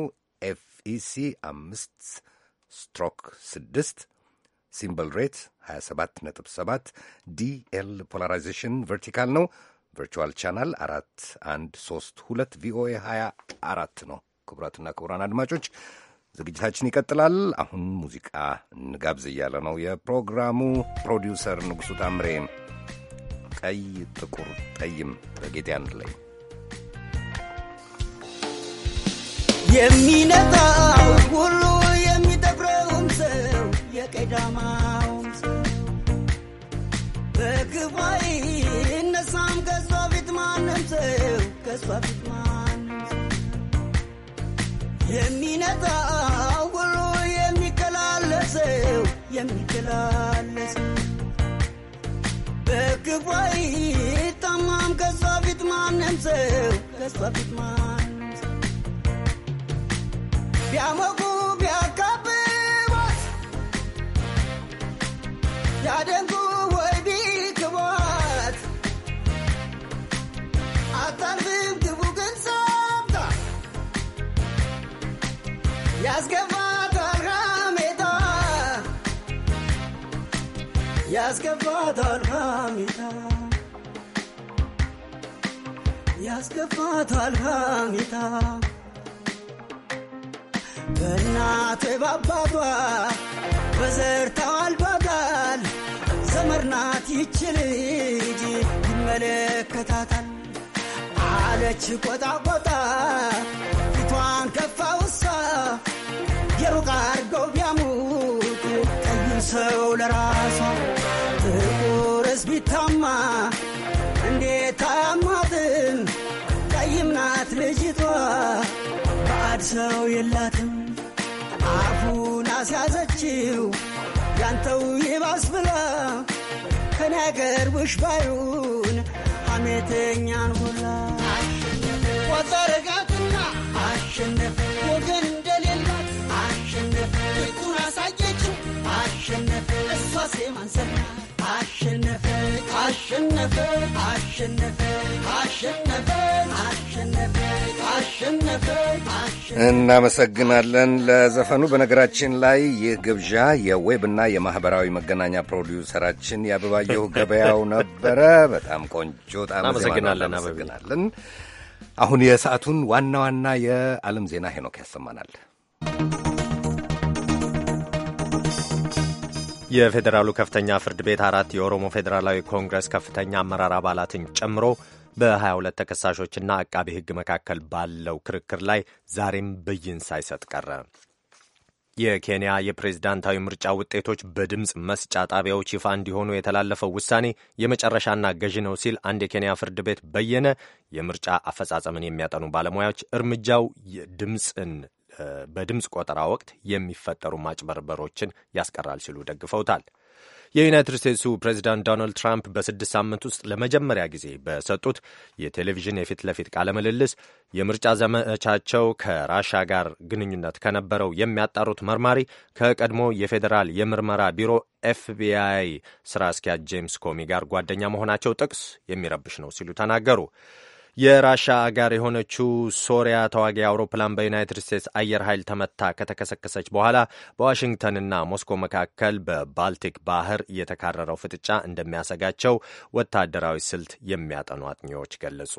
ኤፍኢሲ 5 ስትሮክ 6 ሲምበል ሬት 277 ዲኤል ፖላራይዜሽን ቨርቲካል ነው። ቨርቹዋል ቻናል አራት አንድ ሶስት ሁለት ቪኦኤ ሀያ አራት ነው። ክቡራትና ክቡራን አድማጮች ዝግጅታችን ይቀጥላል። አሁን ሙዚቃ እንጋብዝ እያለ ነው የፕሮግራሙ ፕሮዲውሰር ንጉሡ ታምሬ። ቀይ ጥቁር ጠይም በጌጤ አንድ ላይ የሚነጣው ሁሉ የሚደፍረውም ሰው የቀዳማውም ሰው ሰው ከሷ ፊት ማን የሚነጣው ሁሉ የሚከላለሰው የሚከላለሰው በክፉ አይታማም ከሷ ፊት ማንም ሰው ከሷ ፊት ማን ቢያሞቁ ቢያካብቧት ያደንቁ ያስገባታል ሐሜታ ያስገባታል ሐሜታ ያስገባታል ሐሜታ በእናት ባባቷ በዘር ተዋልዷታል። ዘመድ ይች ልጅ ይመለከታታል አለች ቆጣቆጣ ቆጣ ፊቷን ከፍ ሩቅ አድርገው ቢያሙት ቀይን ሰው ለራሷ ጥቁርስ ቢታማ እንዴት አያማትም? ቀይም ናት ልጅቷ ባዕድ ሰው የላትም። አፉን አስያዘችው ያንተው ይባስ ብላ ከኔ አገር ውሽ ባዩን አሸነፈ አሸነፈ አሸነፈ አሸነፈ አሸነፈ እናመሰግናለን ለዘፈኑ። በነገራችን ላይ ይህ ግብዣ የዌብ እና የማኅበራዊ መገናኛ ፕሮዲውሰራችን የአበባየሁ ገበያው ነበረ። በጣም ቆንጆ ጣም አሁን የሰዓቱን ዋና ዋና የዓለም ዜና ሄኖክ ያሰማናል። የፌዴራሉ ከፍተኛ ፍርድ ቤት አራት የኦሮሞ ፌዴራላዊ ኮንግረስ ከፍተኛ አመራር አባላትን ጨምሮ በ22 ተከሳሾችና አቃቢ ሕግ መካከል ባለው ክርክር ላይ ዛሬም ብይን ሳይሰጥ ቀረ። የኬንያ የፕሬዝዳንታዊ ምርጫ ውጤቶች በድምፅ መስጫ ጣቢያዎች ይፋ እንዲሆኑ የተላለፈው ውሳኔ የመጨረሻና ገዢ ነው ሲል አንድ የኬንያ ፍርድ ቤት በየነ። የምርጫ አፈጻጸምን የሚያጠኑ ባለሙያዎች እርምጃው ድምፅን በድምፅ ቆጠራ ወቅት የሚፈጠሩ ማጭበርበሮችን ያስቀራል ሲሉ ደግፈውታል። የዩናይትድ ስቴትሱ ፕሬዚዳንት ዶናልድ ትራምፕ በስድስት ሳምንት ውስጥ ለመጀመሪያ ጊዜ በሰጡት የቴሌቪዥን የፊት ለፊት ቃለ ምልልስ የምርጫ ዘመቻቸው ከራሻ ጋር ግንኙነት ከነበረው የሚያጣሩት መርማሪ ከቀድሞ የፌዴራል የምርመራ ቢሮ ኤፍቢአይ ስራ አስኪያጅ ጄምስ ኮሚ ጋር ጓደኛ መሆናቸው ጥቅስ የሚረብሽ ነው ሲሉ ተናገሩ። የራሻ አጋር የሆነችው ሶሪያ ተዋጊ አውሮፕላን በዩናይትድ ስቴትስ አየር ኃይል ተመታ ከተከሰከሰች በኋላ በዋሽንግተንና ሞስኮ መካከል በባልቲክ ባህር የተካረረው ፍጥጫ እንደሚያሰጋቸው ወታደራዊ ስልት የሚያጠኑ አጥኚዎች ገለጹ።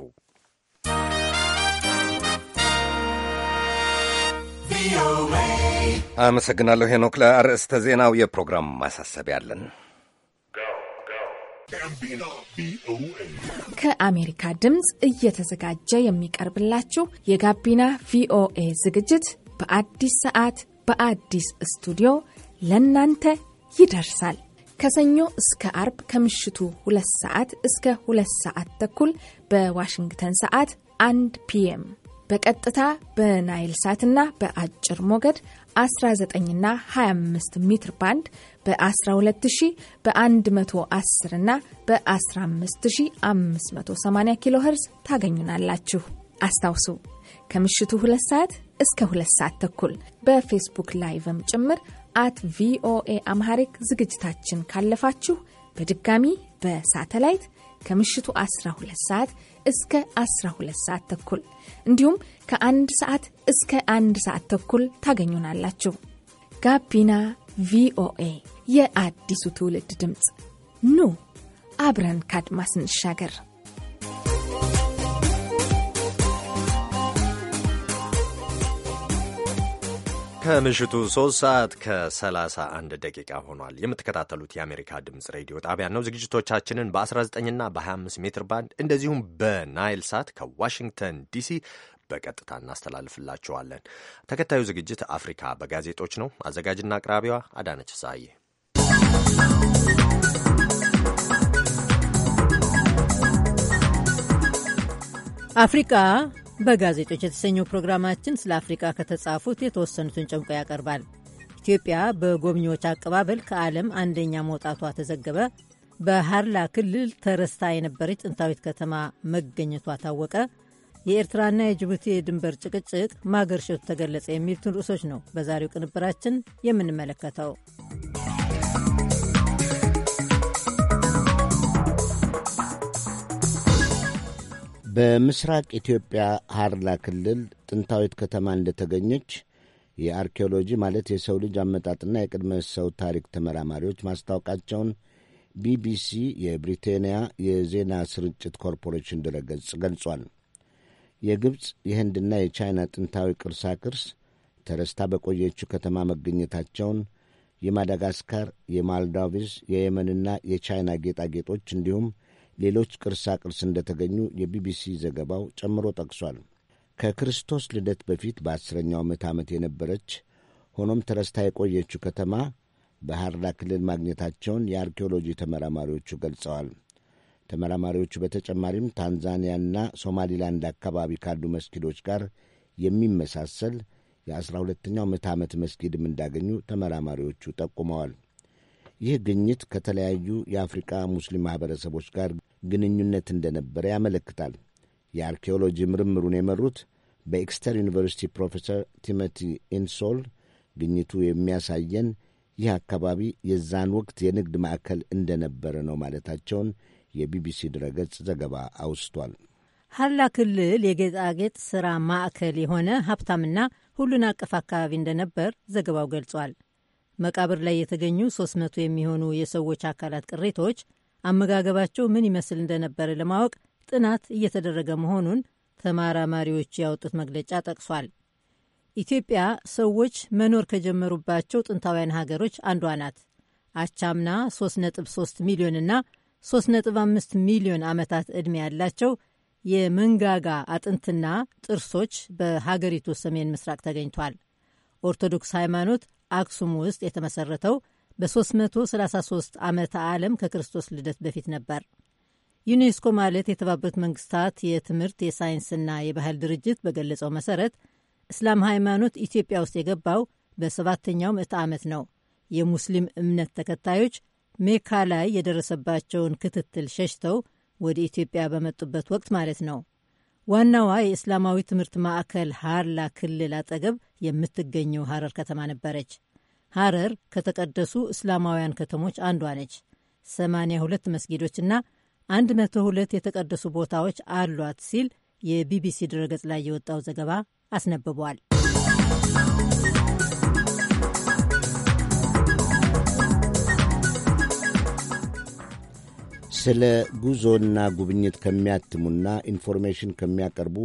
አመሰግናለሁ ሄኖክ። ለአርዕስተ ዜናው የፕሮግራም ማሳሰቢያ አለን። ከአሜሪካ ድምፅ እየተዘጋጀ የሚቀርብላችሁ የጋቢና ቪኦኤ ዝግጅት በአዲስ ሰዓት በአዲስ ስቱዲዮ ለእናንተ ይደርሳል። ከሰኞ እስከ አርብ ከምሽቱ ሁለት ሰዓት እስከ ሁለት ሰዓት ተኩል በዋሽንግተን ሰዓት አንድ ፒኤም በቀጥታ በናይል ሳትና በአጭር ሞገድ 19ና 25 ሜትር ባንድ በ12000 በ110 እና በ15580 ኪሎ ኸርዝ ታገኙናላችሁ። አስታውሱ ከምሽቱ 2 ሰዓት እስከ 2 ሰዓት ተኩል በፌስቡክ ላይቭም ጭምር አት ቪኦኤ አምሃሪክ ዝግጅታችን ካለፋችሁ በድጋሚ በሳተላይት ከምሽቱ 12 ሰዓት እስከ 12 ሰዓት ተኩል እንዲሁም ከአንድ ሰዓት እስከ አንድ ሰዓት ተኩል ታገኙናላችሁ። ጋቢና ቪኦኤ የአዲሱ ትውልድ ድምፅ ኑ አብረን ካድማስ እንሻገር። ከምሽቱ 3 ሰዓት ከ31 ደቂቃ ሆኗል። የምትከታተሉት የአሜሪካ ድምፅ ሬዲዮ ጣቢያ ነው። ዝግጅቶቻችንን በ19ና በ25 ሜትር ባንድ እንደዚሁም በናይል ሳት ከዋሽንግተን ዲሲ በቀጥታ እናስተላልፍላችኋለን። ተከታዩ ዝግጅት አፍሪካ በጋዜጦች ነው። አዘጋጅና አቅራቢዋ አዳነች ሳዬ አፍሪቃ በጋዜጦች የተሰኘው ፕሮግራማችን ስለ አፍሪቃ ከተጻፉት የተወሰኑትን ጨምቆ ያቀርባል። ኢትዮጵያ በጎብኚዎች አቀባበል ከዓለም አንደኛ መውጣቷ ተዘገበ፣ በሃርላ ክልል ተረስታ የነበረች ጥንታዊት ከተማ መገኘቷ ታወቀ፣ የኤርትራና የጅቡቲ የድንበር ጭቅጭቅ ማገርሸቱ ተገለጸ የሚሉትን ርዕሶች ነው በዛሬው ቅንብራችን የምንመለከተው። በምስራቅ ኢትዮጵያ ሐርላ ክልል ጥንታዊት ከተማ እንደተገኘች የአርኪኦሎጂ ማለት የሰው ልጅ አመጣጥና የቅድመ ሰው ታሪክ ተመራማሪዎች ማስታወቃቸውን ቢቢሲ የብሪቴንያ የዜና ስርጭት ኮርፖሬሽን ድረገጽ ገልጿል። የግብፅ የህንድና የቻይና ጥንታዊ ቅርሳ ቅርስ ተረስታ በቆየችው ከተማ መገኘታቸውን የማዳጋስካር፣ የማልዳቪስ፣ የየመንና የቻይና ጌጣጌጦች እንዲሁም ሌሎች ቅርሳ ቅርስ እንደተገኙ የቢቢሲ ዘገባው ጨምሮ ጠቅሷል። ከክርስቶስ ልደት በፊት በአስረኛው ምዕተ ዓመት የነበረች ሆኖም ተረስታ የቆየችው ከተማ በሐርዳ ክልል ማግኘታቸውን የአርኪኦሎጂ ተመራማሪዎቹ ገልጸዋል። ተመራማሪዎቹ በተጨማሪም ታንዛኒያና ሶማሊላንድ አካባቢ ካሉ መስጊዶች ጋር የሚመሳሰል የአስራ ሁለተኛው ምዕተ ዓመት መስጊድም እንዳገኙ ተመራማሪዎቹ ጠቁመዋል። ይህ ግኝት ከተለያዩ የአፍሪቃ ሙስሊም ማኅበረሰቦች ጋር ግንኙነት እንደነበረ ያመለክታል። የአርኪኦሎጂ ምርምሩን የመሩት በኤክስተር ዩኒቨርሲቲ ፕሮፌሰር ቲሞቲ ኢንሶል ግኝቱ የሚያሳየን ይህ አካባቢ የዛን ወቅት የንግድ ማዕከል እንደነበረ ነው ማለታቸውን የቢቢሲ ድረገጽ ዘገባ አውስቷል። ሀላ ክልል የጌጣጌጥ ሥራ ማዕከል የሆነ ሀብታምና ሁሉን አቀፍ አካባቢ እንደነበር ዘገባው ገልጿል። መቃብር ላይ የተገኙ 300 የሚሆኑ የሰዎች አካላት ቅሪቶች አመጋገባቸው ምን ይመስል እንደነበረ ለማወቅ ጥናት እየተደረገ መሆኑን ተማራማሪዎች ያወጡት መግለጫ ጠቅሷል። ኢትዮጵያ ሰዎች መኖር ከጀመሩባቸው ጥንታውያን ሀገሮች አንዷ ናት። አቻምና 3.3 ሚሊዮንና 3.5 ሚሊዮን ዓመታት ዕድሜ ያላቸው የመንጋጋ አጥንትና ጥርሶች በሀገሪቱ ሰሜን ምስራቅ ተገኝቷል። ኦርቶዶክስ ሃይማኖት አክሱም ውስጥ የተመሰረተው በ333 ዓመተ ዓለም ከክርስቶስ ልደት በፊት ነበር። ዩኔስኮ ማለት የተባበሩት መንግስታት የትምህርት የሳይንስና የባህል ድርጅት በገለጸው መሰረት እስላም ሃይማኖት ኢትዮጵያ ውስጥ የገባው በሰባተኛው ምዕተ ዓመት ነው። የሙስሊም እምነት ተከታዮች ሜካ ላይ የደረሰባቸውን ክትትል ሸሽተው ወደ ኢትዮጵያ በመጡበት ወቅት ማለት ነው። ዋናዋ የእስላማዊ ትምህርት ማዕከል ሃርላ ክልል አጠገብ የምትገኘው ሀረር ከተማ ነበረች። ሀረር ከተቀደሱ እስላማውያን ከተሞች አንዷ ነች። 82 መስጊዶችና 102 የተቀደሱ ቦታዎች አሏት ሲል የቢቢሲ ድረገጽ ላይ የወጣው ዘገባ አስነብቧል። ስለ ጉዞና ጉብኝት ከሚያትሙና ኢንፎርሜሽን ከሚያቀርቡ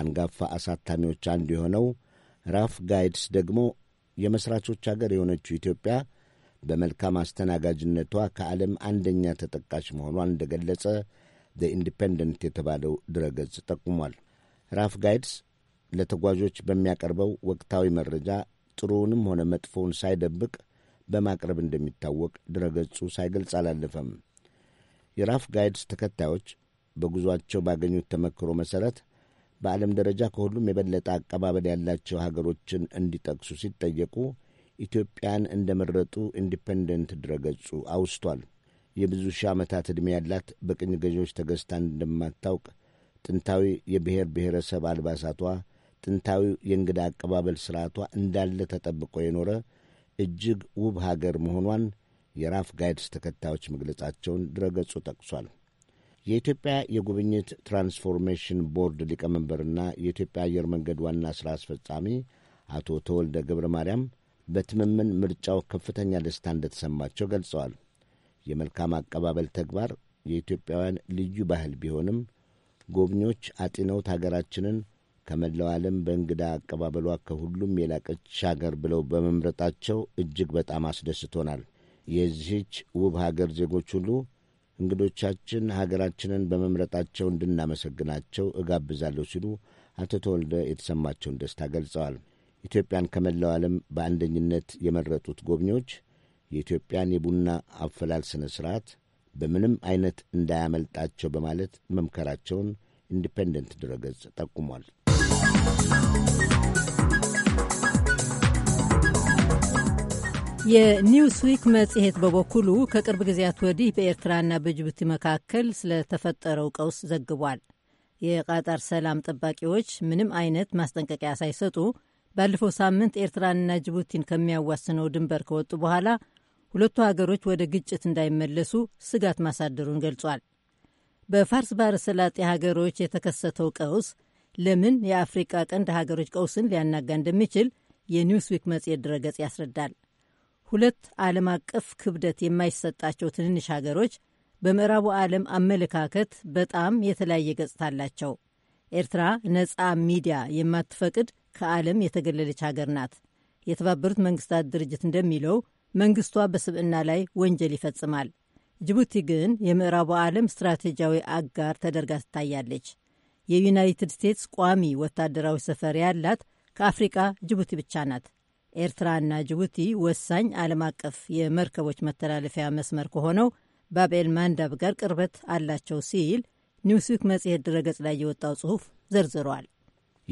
አንጋፋ አሳታሚዎች አንዱ የሆነው ራፍ ጋይድስ ደግሞ የመሥራቾች አገር የሆነችው ኢትዮጵያ በመልካም አስተናጋጅነቷ ከዓለም አንደኛ ተጠቃሽ መሆኗን እንደገለጸ ዘ ኢንዲፔንደንት የተባለው ድረገጽ ጠቁሟል። ራፍ ጋይድስ ለተጓዦች በሚያቀርበው ወቅታዊ መረጃ ጥሩውንም ሆነ መጥፎውን ሳይደብቅ በማቅረብ እንደሚታወቅ ድረገጹ ሳይገልጽ አላለፈም። የራፍ ጋይድስ ተከታዮች በጉዞቸው ባገኙት ተመክሮ መሠረት በዓለም ደረጃ ከሁሉም የበለጠ አቀባበል ያላቸው ሀገሮችን እንዲጠቅሱ ሲጠየቁ ኢትዮጵያን እንደ መረጡ ኢንዲፔንደንት ድረገጹ አውስቷል። የብዙ ሺህ ዓመታት ዕድሜ ያላት በቅኝ ገዢዎች ተገዝታ እንደማታውቅ ጥንታዊ የብሔር ብሔረሰብ አልባሳቷ፣ ጥንታዊ የእንግዳ አቀባበል ሥርዓቷ እንዳለ ተጠብቆ የኖረ እጅግ ውብ ሀገር መሆኗን የራፍ ጋይድስ ተከታዮች መግለጻቸውን ድረገጹ ጠቅሷል። የኢትዮጵያ የጉብኝት ትራንስፎርሜሽን ቦርድ ሊቀመንበርና የኢትዮጵያ አየር መንገድ ዋና ሥራ አስፈጻሚ አቶ ተወልደ ገብረ ማርያም በትምምን ምርጫው ከፍተኛ ደስታ እንደተሰማቸው ገልጸዋል። የመልካም አቀባበል ተግባር የኢትዮጵያውያን ልዩ ባህል ቢሆንም ጎብኚዎች አጢነውት ሀገራችንን ከመላው ዓለም በእንግዳ አቀባበሏ ከሁሉም የላቀች ሀገር ብለው በመምረጣቸው እጅግ በጣም አስደስቶናል። የዚህች ውብ ሀገር ዜጎች ሁሉ እንግዶቻችን ሀገራችንን በመምረጣቸው እንድናመሰግናቸው እጋብዛለሁ ሲሉ አቶ ተወልደ የተሰማቸውን ደስታ ገልጸዋል። ኢትዮጵያን ከመላው ዓለም በአንደኝነት የመረጡት ጎብኚዎች የኢትዮጵያን የቡና አፈላል ሥነ ሥርዓት በምንም አይነት እንዳያመልጣቸው በማለት መምከራቸውን ኢንዲፔንደንት ድረገጽ ጠቁሟል። የኒውስዊክ መጽሔት በበኩሉ ከቅርብ ጊዜያት ወዲህ በኤርትራና በጅቡቲ መካከል ስለተፈጠረው ቀውስ ዘግቧል። የቃጣር ሰላም ጠባቂዎች ምንም አይነት ማስጠንቀቂያ ሳይሰጡ ባለፈው ሳምንት ኤርትራንና ጅቡቲን ከሚያዋስነው ድንበር ከወጡ በኋላ ሁለቱ ሀገሮች ወደ ግጭት እንዳይመለሱ ስጋት ማሳደሩን ገልጿል። በፋርስ ባሕረ ሰላጤ ሀገሮች የተከሰተው ቀውስ ለምን የአፍሪቃ ቀንድ ሀገሮች ቀውስን ሊያናጋ እንደሚችል የኒውስዊክ መጽሔት ድረገጽ ያስረዳል። ሁለት ዓለም አቀፍ ክብደት የማይሰጣቸው ትንንሽ ሀገሮች በምዕራቡ ዓለም አመለካከት በጣም የተለያየ ገጽታ አላቸው። ኤርትራ ነፃ ሚዲያ የማትፈቅድ ከዓለም የተገለለች ሀገር ናት። የተባበሩት መንግስታት ድርጅት እንደሚለው መንግስቷ በስብዕና ላይ ወንጀል ይፈጽማል። ጅቡቲ ግን የምዕራቡ ዓለም ስትራቴጂያዊ አጋር ተደርጋ ትታያለች። የዩናይትድ ስቴትስ ቋሚ ወታደራዊ ሰፈር ያላት ከአፍሪቃ ጅቡቲ ብቻ ናት። ኤርትራና ጅቡቲ ወሳኝ ዓለም አቀፍ የመርከቦች መተላለፊያ መስመር ከሆነው ባብኤል ማንዳብ ጋር ቅርበት አላቸው ሲል ኒውስዊክ መጽሔት ድረገጽ ላይ የወጣው ጽሑፍ ዘርዝሯል።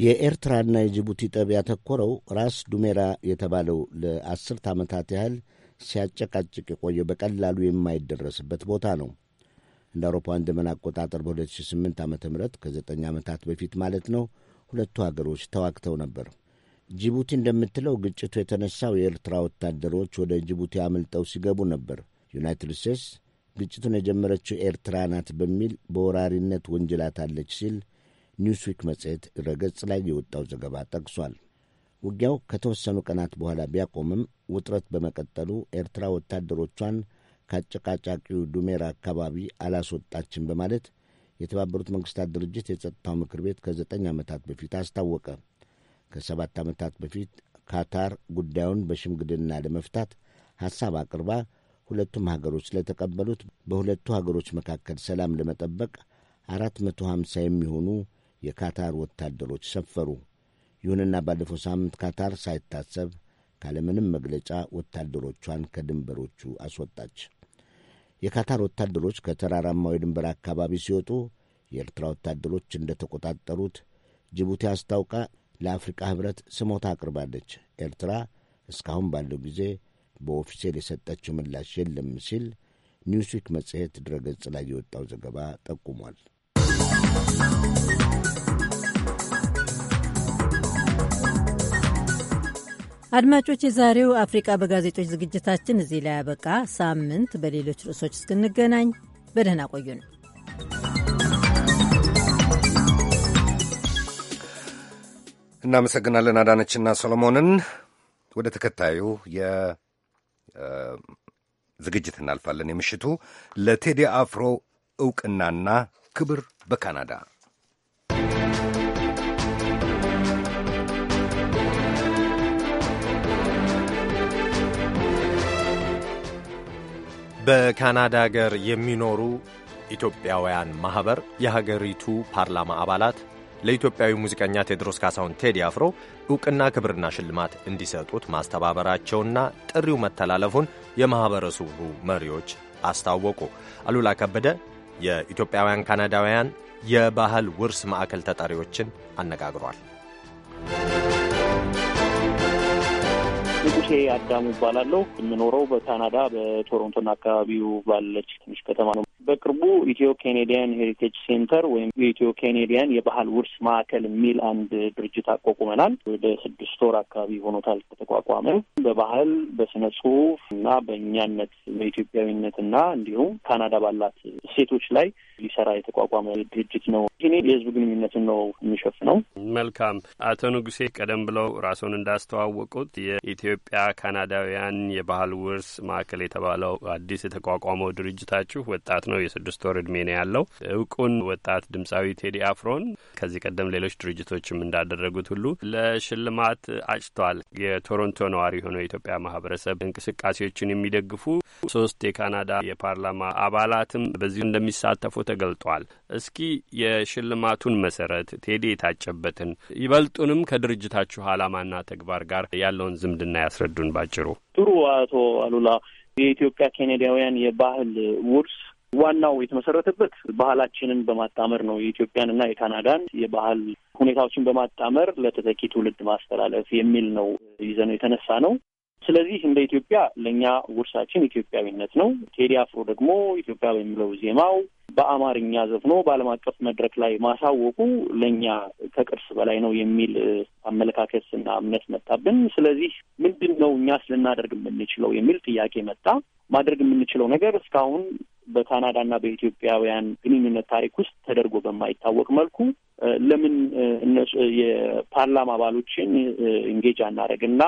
የኤርትራና የጅቡቲ ጠብ ያተኮረው ራስ ዱሜራ የተባለው ለአስርት ዓመታት ያህል ሲያጨቃጭቅ የቆየ በቀላሉ የማይደረስበት ቦታ ነው። እንደ አውሮፓውያን ዘመን አቆጣጠር በ2008 ዓ ም ከዘጠኝ ዓመታት በፊት ማለት ነው። ሁለቱ ሀገሮች ተዋግተው ነበር። ጅቡቲ እንደምትለው ግጭቱ የተነሳው የኤርትራ ወታደሮች ወደ ጅቡቲ አምልጠው ሲገቡ ነበር። ዩናይትድ ስቴትስ ግጭቱን የጀመረችው ኤርትራ ናት በሚል በወራሪነት ወንጅላታለች ሲል ኒውስዊክ መጽሔት ረገጽ ላይ የወጣው ዘገባ ጠቅሷል። ውጊያው ከተወሰኑ ቀናት በኋላ ቢያቆምም ውጥረት በመቀጠሉ ኤርትራ ወታደሮቿን ከአጨቃጫቂው ዱሜራ አካባቢ አላስወጣችም በማለት የተባበሩት መንግሥታት ድርጅት የጸጥታው ምክር ቤት ከዘጠኝ ዓመታት በፊት አስታወቀ። ከሰባት ዓመታት በፊት ካታር ጉዳዩን በሽምግልና ለመፍታት ሐሳብ አቅርባ ሁለቱም ሀገሮች ስለተቀበሉት በሁለቱ ሀገሮች መካከል ሰላም ለመጠበቅ አራት መቶ ሀምሳ የሚሆኑ የካታር ወታደሮች ሰፈሩ። ይሁንና ባለፈው ሳምንት ካታር ሳይታሰብ ካለምንም መግለጫ ወታደሮቿን ከድንበሮቹ አስወጣች። የካታር ወታደሮች ከተራራማው የድንበር አካባቢ ሲወጡ የኤርትራ ወታደሮች እንደተቆጣጠሩት ጅቡቲ አስታውቃ ለአፍሪቃ ህብረት ስሞታ አቅርባለች። ኤርትራ እስካሁን ባለው ጊዜ በኦፊሴል የሰጠችው ምላሽ የለም ሲል ኒውስዊክ መጽሔት ድረገጽ ላይ የወጣው ዘገባ ጠቁሟል። አድማጮች፣ የዛሬው አፍሪቃ በጋዜጦች ዝግጅታችን እዚህ ላይ ያበቃ። ሳምንት በሌሎች ርዕሶች እስክንገናኝ በደህና ቆዩ ነው እናመሰግናለን አዳነችና ሰሎሞንን። ወደ ተከታዩ የዝግጅት እናልፋለን። የምሽቱ ለቴዲ አፍሮ እውቅናና ክብር በካናዳ በካናዳ አገር የሚኖሩ ኢትዮጵያውያን ማኅበር የሀገሪቱ ፓርላማ አባላት ለኢትዮጵያዊ ሙዚቀኛ ቴዎድሮስ ካሳሁን ቴዲ አፍሮ እውቅና ክብርና ሽልማት እንዲሰጡት ማስተባበራቸውና ጥሪው መተላለፉን የማኅበረሰቡ መሪዎች አስታወቁ። አሉላ ከበደ የኢትዮጵያውያን ካናዳውያን የባህል ውርስ ማዕከል ተጠሪዎችን አነጋግሯል። ንጉሴ አዳሙ እባላለሁ። የምኖረው በካናዳ በቶሮንቶና አካባቢው ባለች ትንሽ ከተማ ነው። በቅርቡ ኢትዮ ኬኔዲያን ሄሪቴጅ ሴንተር ወይም የኢትዮ ኬኔዲያን የባህል ውርስ ማዕከል የሚል አንድ ድርጅት አቋቁመናል። ወደ ስድስት ወር አካባቢ ሆኖታል ከተቋቋመ። በባህል በስነ ጽሁፍ እና በእኛነት በኢትዮጵያዊነት እና እንዲሁም ካናዳ ባላት እሴቶች ላይ ሊሰራ የተቋቋመ ድርጅት ነው። ይህኔ የህዝብ ግንኙነትን ነው የሚሸፍነው። መልካም። አቶ ንጉሴ ቀደም ብለው ራስዎን እንዳስተዋወቁት የኢትዮ የኢትዮጵያ ካናዳውያን የባህል ውርስ ማዕከል የተባለው አዲስ የተቋቋመው ድርጅታችሁ ወጣት ነው፣ የስድስት ወር እድሜ ነው ያለው። እውቁን ወጣት ድምፃዊ ቴዲ አፍሮን ከዚህ ቀደም ሌሎች ድርጅቶችም እንዳደረጉት ሁሉ ለሽልማት አጭቷል። የቶሮንቶ ነዋሪ የሆነው የኢትዮጵያ ማህበረሰብ እንቅስቃሴዎችን የሚደግፉ ሶስት የካናዳ የፓርላማ አባላትም በዚሁ እንደሚሳተፉ ተገልጧል። እስኪ የሽልማቱን መሰረት ቴዲ የታጨበትን ይበልጡንም ከድርጅታችሁ አላማና ተግባር ጋር ያለውን ዝምድና ያስረዱን ባጭሩ። ጥሩ አቶ አሉላ የኢትዮጵያ ኬኔዲያውያን የባህል ውርስ ዋናው የተመሰረተበት ባህላችንን በማጣመር ነው። የኢትዮጵያን እና የካናዳን የባህል ሁኔታዎችን በማጣመር ለተተኪ ትውልድ ማስተላለፍ የሚል ነው ይዘነው የተነሳ ነው። ስለዚህ እንደ ኢትዮጵያ ለእኛ ውርሳችን ኢትዮጵያዊነት ነው። ቴዲ አፍሮ ደግሞ ኢትዮጵያ በሚለው ዜማው በአማርኛ ዘፍኖ በዓለም አቀፍ መድረክ ላይ ማሳወቁ ለእኛ ከቅርስ በላይ ነው የሚል አመለካከትና እምነት መጣብን። ስለዚህ ምንድን ነው እኛስ ልናደርግ የምንችለው የሚል ጥያቄ መጣ። ማድረግ የምንችለው ነገር እስካሁን በካናዳና በኢትዮጵያውያን ግንኙነት ታሪክ ውስጥ ተደርጎ በማይታወቅ መልኩ ለምን የፓርላማ አባሎችን እንጌጅ አናደርግና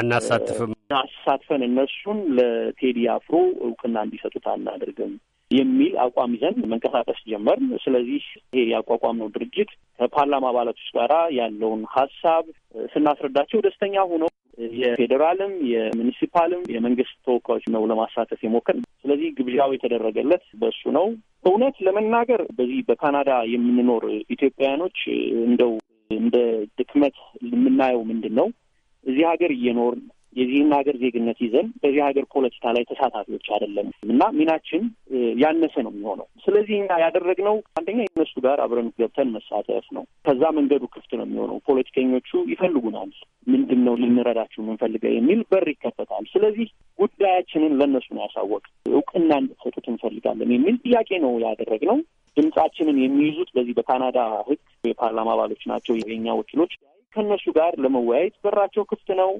አናሳትፍም፣ አሳትፈን እነሱን ለቴዲ አፍሮ እውቅና እንዲሰጡት አናደርግም የሚል አቋም ይዘን መንቀሳቀስ ጀመር። ስለዚህ ይሄ ያቋቋም ነው ድርጅት ከፓርላማ አባላቶች ጋር ያለውን ሀሳብ ስናስረዳቸው ደስተኛ ሆኖ የፌዴራልም የሚኒሲፓልም የመንግስት ተወካዮች ነው ለማሳተፍ የሞከር። ስለዚህ ግብዣው የተደረገለት በሱ ነው። እውነት ለመናገር በዚህ በካናዳ የምንኖር ኢትዮጵያውያኖች እንደው እንደ ድክመት የምናየው ምንድን ነው እዚህ ሀገር እየኖርን የዚህን ሀገር ዜግነት ይዘን በዚህ ሀገር ፖለቲካ ላይ ተሳታፊዎች አይደለም እና ሚናችን ያነሰ ነው የሚሆነው። ስለዚህ እኛ ያደረግነው አንደኛ የእነሱ ጋር አብረን ገብተን መሳተፍ ነው። ከዛ መንገዱ ክፍት ነው የሚሆነው። ፖለቲከኞቹ ይፈልጉናል። ምንድን ነው ልንረዳችሁ የምንፈልገው የሚል በር ይከፈታል። ስለዚህ ጉዳያችንን ለእነሱ ነው ያሳወቅ፣ እውቅና እንድትሰጡት እንፈልጋለን የሚል ጥያቄ ነው ያደረግነው። ድምጻችንን የሚይዙት በዚህ በካናዳ ሕግ የፓርላማ አባሎች ናቸው የኛ ወኪሎች ከእነሱ ጋር ለመወያየት በራቸው ክፍት ነው።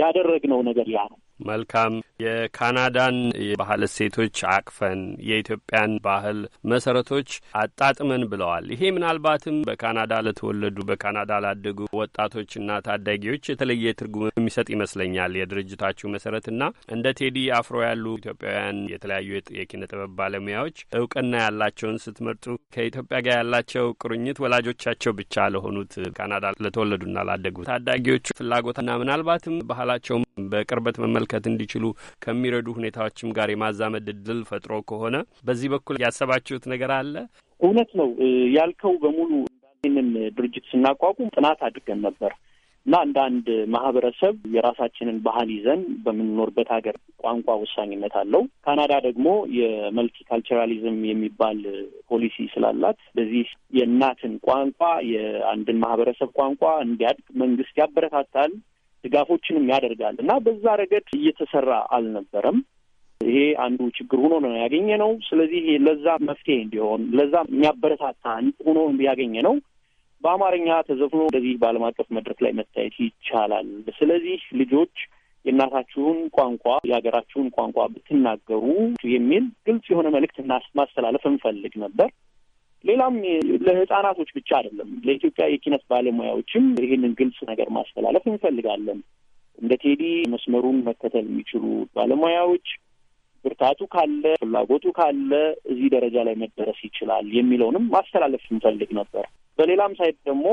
ያደረግነው ነገር ያ ነው። መልካም የካናዳን የባህል እሴቶች አቅፈን የኢትዮጵያን ባህል መሰረቶች አጣጥመን ብለዋል። ይሄ ምናልባትም በካናዳ ለተወለዱ በካናዳ ላደጉ ወጣቶችና ታዳጊዎች የተለየ ትርጉም የሚሰጥ ይመስለኛል። የድርጅታችሁ መሰረትና እንደ ቴዲ አፍሮ ያሉ ኢትዮጵያውያን የተለያዩ የኪነ ጥበብ ባለሙያዎች እውቅና ያላቸውን ስትመርጡ ከኢትዮጵያ ጋር ያላቸው ቁርኝት ወላጆቻቸው ብቻ ለሆኑት ካናዳ ለተወለዱና ላደጉ ታዳጊዎቹ ፍላጎትና ምናልባትም ባህላቸው በቅርበት መመልከት እንዲችሉ ከሚረዱ ሁኔታዎችም ጋር የማዛመድ እድል ፈጥሮ ከሆነ በዚህ በኩል ያሰባችሁት ነገር አለ? እውነት ነው ያልከው በሙሉ። ይህንን ድርጅት ስናቋቁም ጥናት አድርገን ነበር እና እንደ አንድ ማህበረሰብ የራሳችንን ባህል ይዘን በምንኖርበት ሀገር ቋንቋ ወሳኝነት አለው። ካናዳ ደግሞ የመልቲካልቸራሊዝም የሚባል ፖሊሲ ስላላት በዚህ የእናትን ቋንቋ የአንድን ማህበረሰብ ቋንቋ እንዲያድግ መንግስት ያበረታታል። ድጋፎችንም ያደርጋል እና በዛ ረገድ እየተሰራ አልነበረም። ይሄ አንዱ ችግር ሆኖ ነው ያገኘ ነው። ስለዚህ ለዛ መፍትሄ እንዲሆን ለዛ የሚያበረታታ ሆኖ ያገኘ ነው። በአማርኛ ተዘፍኖ እንደዚህ በዓለም አቀፍ መድረክ ላይ መታየት ይቻላል። ስለዚህ ልጆች የእናታችሁን ቋንቋ የሀገራችሁን ቋንቋ ብትናገሩ የሚል ግልጽ የሆነ መልእክት ማስተላለፍ እንፈልግ ነበር። ሌላም ለህጻናቶች ብቻ አይደለም፣ ለኢትዮጵያ የኪነት ባለሙያዎችም ይህንን ግልጽ ነገር ማስተላለፍ እንፈልጋለን። እንደ ቴዲ መስመሩን መከተል የሚችሉ ባለሙያዎች ብርታቱ ካለ ፍላጎቱ ካለ እዚህ ደረጃ ላይ መደረስ ይችላል የሚለውንም ማስተላለፍ እንፈልግ ነበር። በሌላም ሳይድ ደግሞ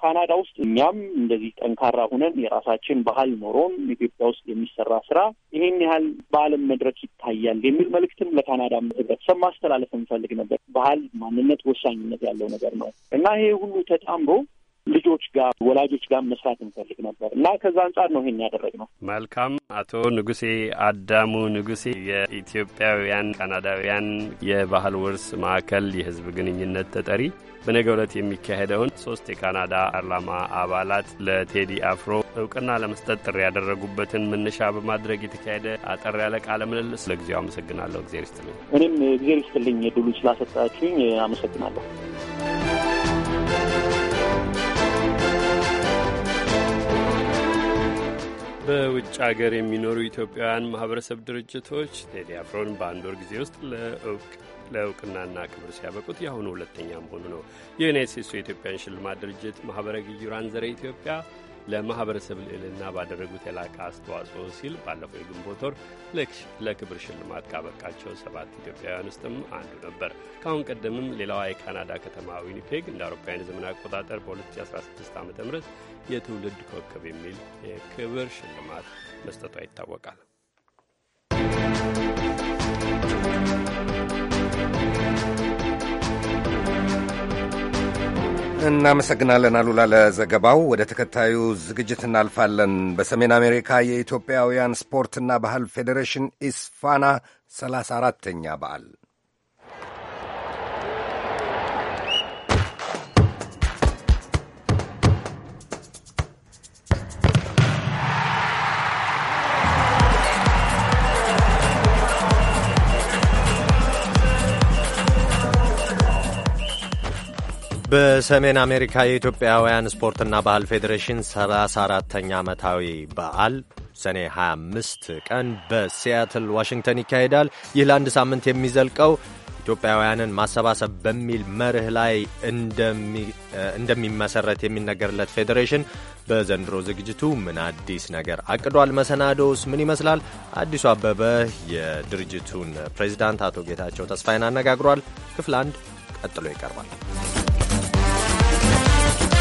ካናዳ ውስጥ እኛም እንደዚህ ጠንካራ ሁነን የራሳችን ባህል ኖሮን ኢትዮጵያ ውስጥ የሚሰራ ስራ ይሄን ያህል በዓለም መድረክ ይታያል የሚል መልእክትም ለካናዳ ህብረተሰብ ማስተላለፍ እንፈልግ ነበር። ባህል ማንነት ወሳኝነት ያለው ነገር ነው እና ይሄ ሁሉ ተጣምሮ ልጆች ጋር ወላጆች ጋር መስራት እንፈልግ ነበር እና ከዛ አንጻር ነው ይሄን ያደረግ ነው። መልካም። አቶ ንጉሴ አዳሙ ንጉሴ የኢትዮጵያውያን ካናዳውያን የባህል ውርስ ማዕከል የህዝብ ግንኙነት ተጠሪ በነገ ዕለት የሚካሄደውን ሶስት የካናዳ ፓርላማ አባላት ለቴዲ አፍሮ እውቅና ለመስጠት ጥሪ ያደረጉበትን መነሻ በማድረግ የተካሄደ አጠር ያለ ቃለ ምልልስ ለጊዜው አመሰግናለሁ። እግዜር ይስጥልኝ። እኔም እግዜር ይስጥልኝ ድሉ ስላሰጣችሁኝ አመሰግናለሁ። በውጭ ሀገር የሚኖሩ ኢትዮጵያውያን ማህበረሰብ ድርጅቶች ቴዲ አፍሮን በአንድ ወር ጊዜ ውስጥ ለእውቅ ለእውቅናና ክብር ሲያበቁት የአሁኑ ሁለተኛ መሆኑ ነው። የዩናይት ስቴትሱ የኢትዮጵያን ሽልማት ድርጅት ማኅበረ ግዩራን ዘረ ኢትዮጵያ ለማኅበረሰብ ልዕልና ባደረጉት የላቀ አስተዋጽኦ ሲል ባለፈው የግንቦት ወር ለክብር ሽልማት ካበቃቸው ሰባት ኢትዮጵያውያን ውስጥም አንዱ ነበር። ከአሁን ቀደምም ሌላዋ የካናዳ ከተማ ዊኒፔግ እንደ አውሮፓውያን የዘመን አቆጣጠር በ2016 ዓ ም የትውልድ ኮከብ የሚል የክብር ሽልማት መስጠቷ ይታወቃል። እናመሰግናለን አሉላ ለዘገባው። ወደ ተከታዩ ዝግጅት እናልፋለን። በሰሜን አሜሪካ የኢትዮጵያውያን ስፖርትና ባህል ፌዴሬሽን ኢስፋና ሰላሳ አራተኛ በዓል በሰሜን አሜሪካ የኢትዮጵያውያን ስፖርትና ባህል ፌዴሬሽን 34ተኛ ዓመታዊ በዓል ሰኔ 25 ቀን በሲያትል ዋሽንግተን ይካሄዳል። ይህ ለአንድ ሳምንት የሚዘልቀው ኢትዮጵያውያንን ማሰባሰብ በሚል መርህ ላይ እንደሚመሰረት የሚነገርለት ፌዴሬሽን በዘንድሮ ዝግጅቱ ምን አዲስ ነገር አቅዷል? መሰናዶስ ምን ይመስላል? አዲሱ አበበ የድርጅቱን ፕሬዚዳንት አቶ ጌታቸው ተስፋዬን አነጋግሯል። ክፍል አንድ ቀጥሎ ይቀርባል።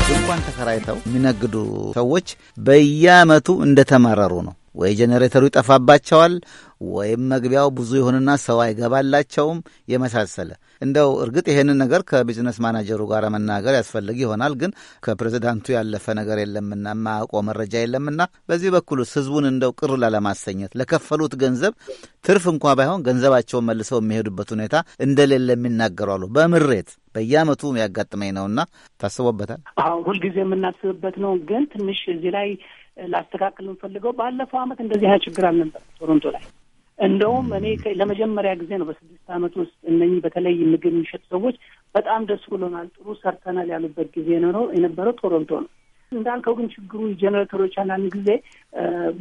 ድንኳን ተከራይተው የሚነግዱ ሰዎች በየዓመቱ እንደተማረሩ ነው። ወይ ጄኔሬተሩ ይጠፋባቸዋል፣ ወይም መግቢያው ብዙ ይሆንና ሰው አይገባላቸውም የመሳሰለ እንደው እርግጥ ይሄንን ነገር ከቢዝነስ ማናጀሩ ጋር መናገር ያስፈልግ ይሆናል። ግን ከፕሬዚዳንቱ ያለፈ ነገር የለምና የማያውቀው መረጃ የለምና በዚህ በኩልስ ህዝቡን እንደው ቅር ላለማሰኘት ለከፈሉት ገንዘብ ትርፍ እንኳ ባይሆን ገንዘባቸውን መልሰው የሚሄዱበት ሁኔታ እንደሌለ የሚናገሩ አሉ። በምሬት በየአመቱ ያጋጥመኝ ነውና ታስቦበታል። አሁን ሁልጊዜ የምናስብበት ነው። ግን ትንሽ እዚህ ላይ ላስተካክል የምፈልገው ባለፈው አመት እንደዚህ አይነት ችግር አልነበር ቶሮንቶ ላይ። እንደውም እኔ ለመጀመሪያ ጊዜ ነው በስድስት አመት ውስጥ እነኚህ በተለይ ምግብ የሚሸጡ ሰዎች በጣም ደስ ብሎናል፣ ጥሩ ሰርተናል ያሉበት ጊዜ ነው የነበረው ቶሮንቶ ነው። እንዳልከው ግን ችግሩ ጀኔሬተሮች አንዳንድ ጊዜ